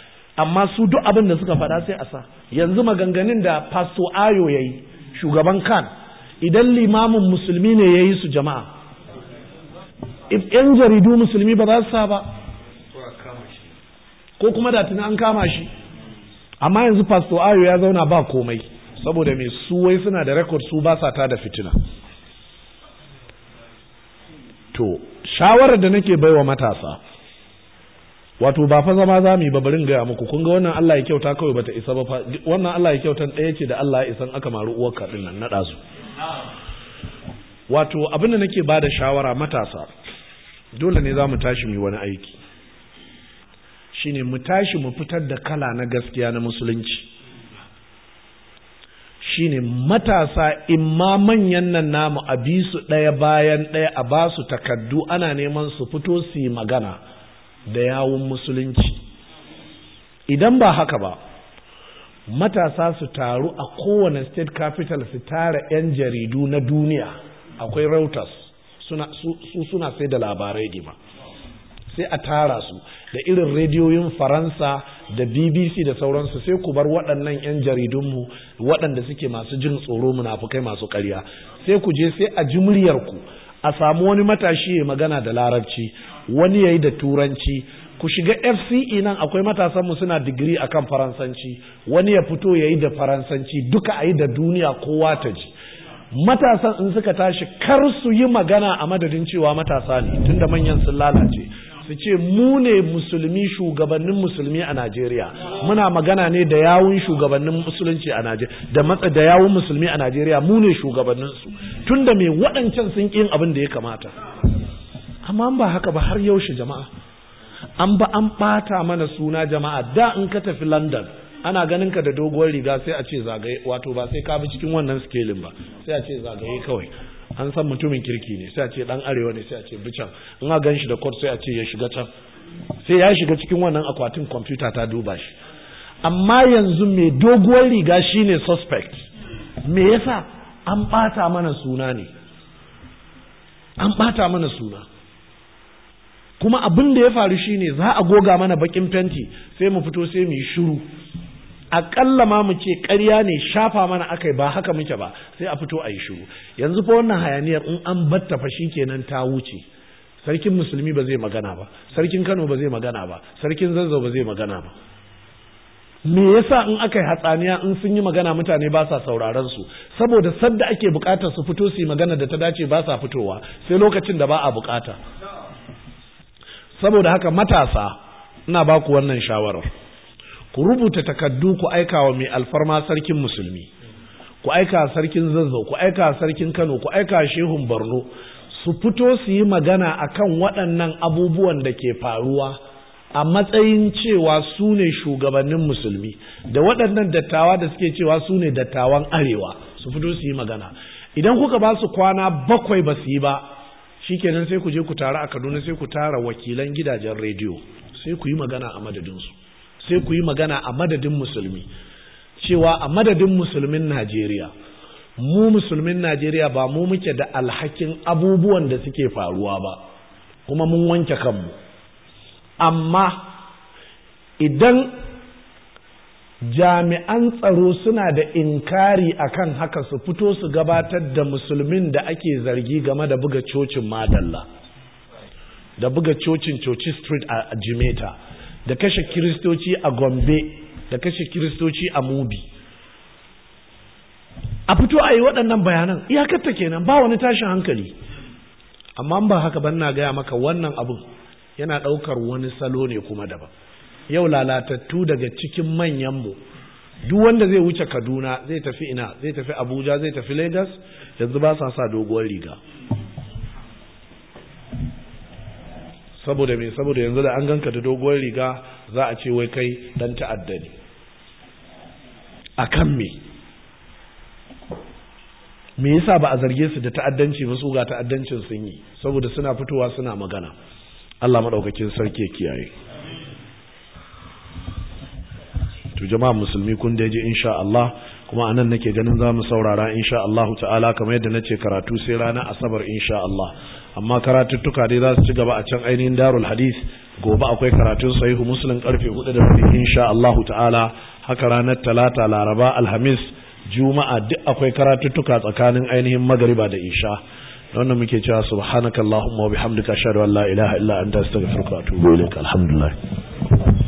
amma su duk abin da suka faɗa sai a sa yanzu maganganun da Pastor ayo yayi shugaban kan idan limamin musulmi ne ya yi su jama'a yan jaridu musulmi ba za su sa ba ko kuma da tuni an kama shi amma yanzu pastor ayo ya zauna ba komai saboda mai suwai suna da rekod su ba sa ta da fitina to shawarar da nake baiwa matasa wato ba fa zama za mu yi ba barin gaya muku kun ga wannan Allah ya kyauta kawai bata isa ba wannan Allah ya kyautan ɗaya ce da Allah ya isan aka maru uwar kaɗin nan na ɗazu. wato abin da nake bada shawara matasa dole ne za mu tashi mu wani aiki shine mu tashi mu fitar da kala na gaskiya na musulunci shine matasa imma manyan nan namu a bi su ɗaya bayan ɗaya a ba su takaddu ana neman su fito su yi magana da yawun musulunci idan ba haka ba matasa su taru a kowane state capital su tara 'yan jaridu na duniya akwai reuters su, suna sai da labarai gima sai a tara su da irin rediyoyin faransa da bbc da sauransu sai ku bar waɗannan 'yan jaridunmu waɗanda suke masu jin tsoro munafukai masu ƙarya sai ku je sai a ji muryarku a samu wani matashi ya magana da larabci wani ya yi da turanci ku shiga fce nan akwai matasanmu suna digiri akan faransanci wani ya fito ya yi da faransanci duka a yi da duniya kowa ta ji matasan in suka tashi kar su yi magana a madadin cewa matasa ne tunda manyan sun lalace su ce mu ne musulmi shugabannin musulmi a Najeriya muna magana ne da yawun shugabannin musulunci a Najeriya da yawun musulmi a Najeriya mu ne shugabanninsu su tunda me waɗancan sun ƙin abin da ya kamata amma ba haka ba har yaushe jama'a an ba an ɓata mana suna jama'a da in ka tafi london ana ganin ka da doguwar riga sai a ce zagaye wato ba sai ka bi cikin wannan scaling ba sai a ce zagaye kawai an san mutumin kirki ne sai a ce dan arewa ne sai a ce bican in a gan shi da kot sai a ce ya shiga can sai ya shiga cikin wannan akwatin kwamfuta ta duba shi amma yanzu mai doguwar riga shine suspect me yasa an ɓata mana suna ne an ɓata mana suna kuma abin da ya faru shine za a goga mana bakin fenti sai mu fito sai mu yi shiru aƙalla ma mu ce ƙarya ne shafa mana akai ba haka muke ba sai a fito a yi shiru yanzu fa wannan hayaniyar in an batta fa shikenan ta wuce sarkin musulmi ba zai magana ba sarkin Kano ba zai magana ba sarkin Zazzau ba zai magana ba me yasa in aka yi hatsaniya in sun yi magana mutane ba sa sauraron su saboda sadda ake bukatar su fito su yi magana da ta dace ba sa fitowa sai lokacin da ba a bukata saboda haka matasa ina ba ku wannan shawarar ku rubuta takaddu ku aika wa mai alfarma sarkin musulmi ku aika sarkin zazzau ku aika sarkin kano ku aika shehun borno su fito su yi magana akan waɗannan abubuwan da ke faruwa a matsayin cewa su ne shugabannin musulmi da waɗannan dattawa da suke cewa su ne dattawan arewa su fito su yi magana idan kuka ba su kwana bakwai ba su yi ba Shi shikenan sai ku je ku tara a Kaduna sai ku tara wakilan gidajen rediyo sai ku yi magana a madadinsu sai ku yi magana a madadin musulmi cewa a madadin musulmin Najeriya mu musulmin Najeriya ba mu muke da alhakin abubuwan da suke faruwa ba kuma mun wanke kanmu amma idan jami'an tsaro suna da inkari akan haka su fito su gabatar da musulmin da ake zargi game da buga cocin madalla da buga cocin coci street a jimeta da kashe kiristoci a gombe da kashe kiristoci a mubi a fito a yi waɗannan bayanan iyakarta kenan ba wani tashin hankali amma ba haka ban na gaya maka wannan abin yana ɗaukar wani salo ne kuma daban yau lalatattu daga cikin manyan mu duk wanda zai wuce Kaduna zai tafi ina zai tafi Abuja zai tafi Lagos yanzu ba sa sa doguwar riga saboda me saboda yanzu da an ganka da doguwar riga za a ce wai kai dan ta'adda ne akan me me yasa ba a zarge su da ta'addanci ba su ga ta'addancin sun yi saboda suna fitowa suna magana Allah maɗaukakin sarki kiyaye to jama'a musulmi kun da ji insha Allah kuma anan nake ganin zamu saurara insha Allah ta'ala kamar yadda nace karatu sai rana asabar insha Allah amma karatuttuka dai za su ci gaba a can ainihin darul hadith gobe akwai karatun sahihu muslim karfe 4 da rabi insha Allah ta'ala haka ranar talata laraba alhamis juma'a duk akwai karatuttuka tsakanin ainihin magariba da isha don muke cewa subhanakallahumma wa bihamdika ashhadu an la ilaha illa anta astaghfiruka wa atubu ilaik alhamdulillah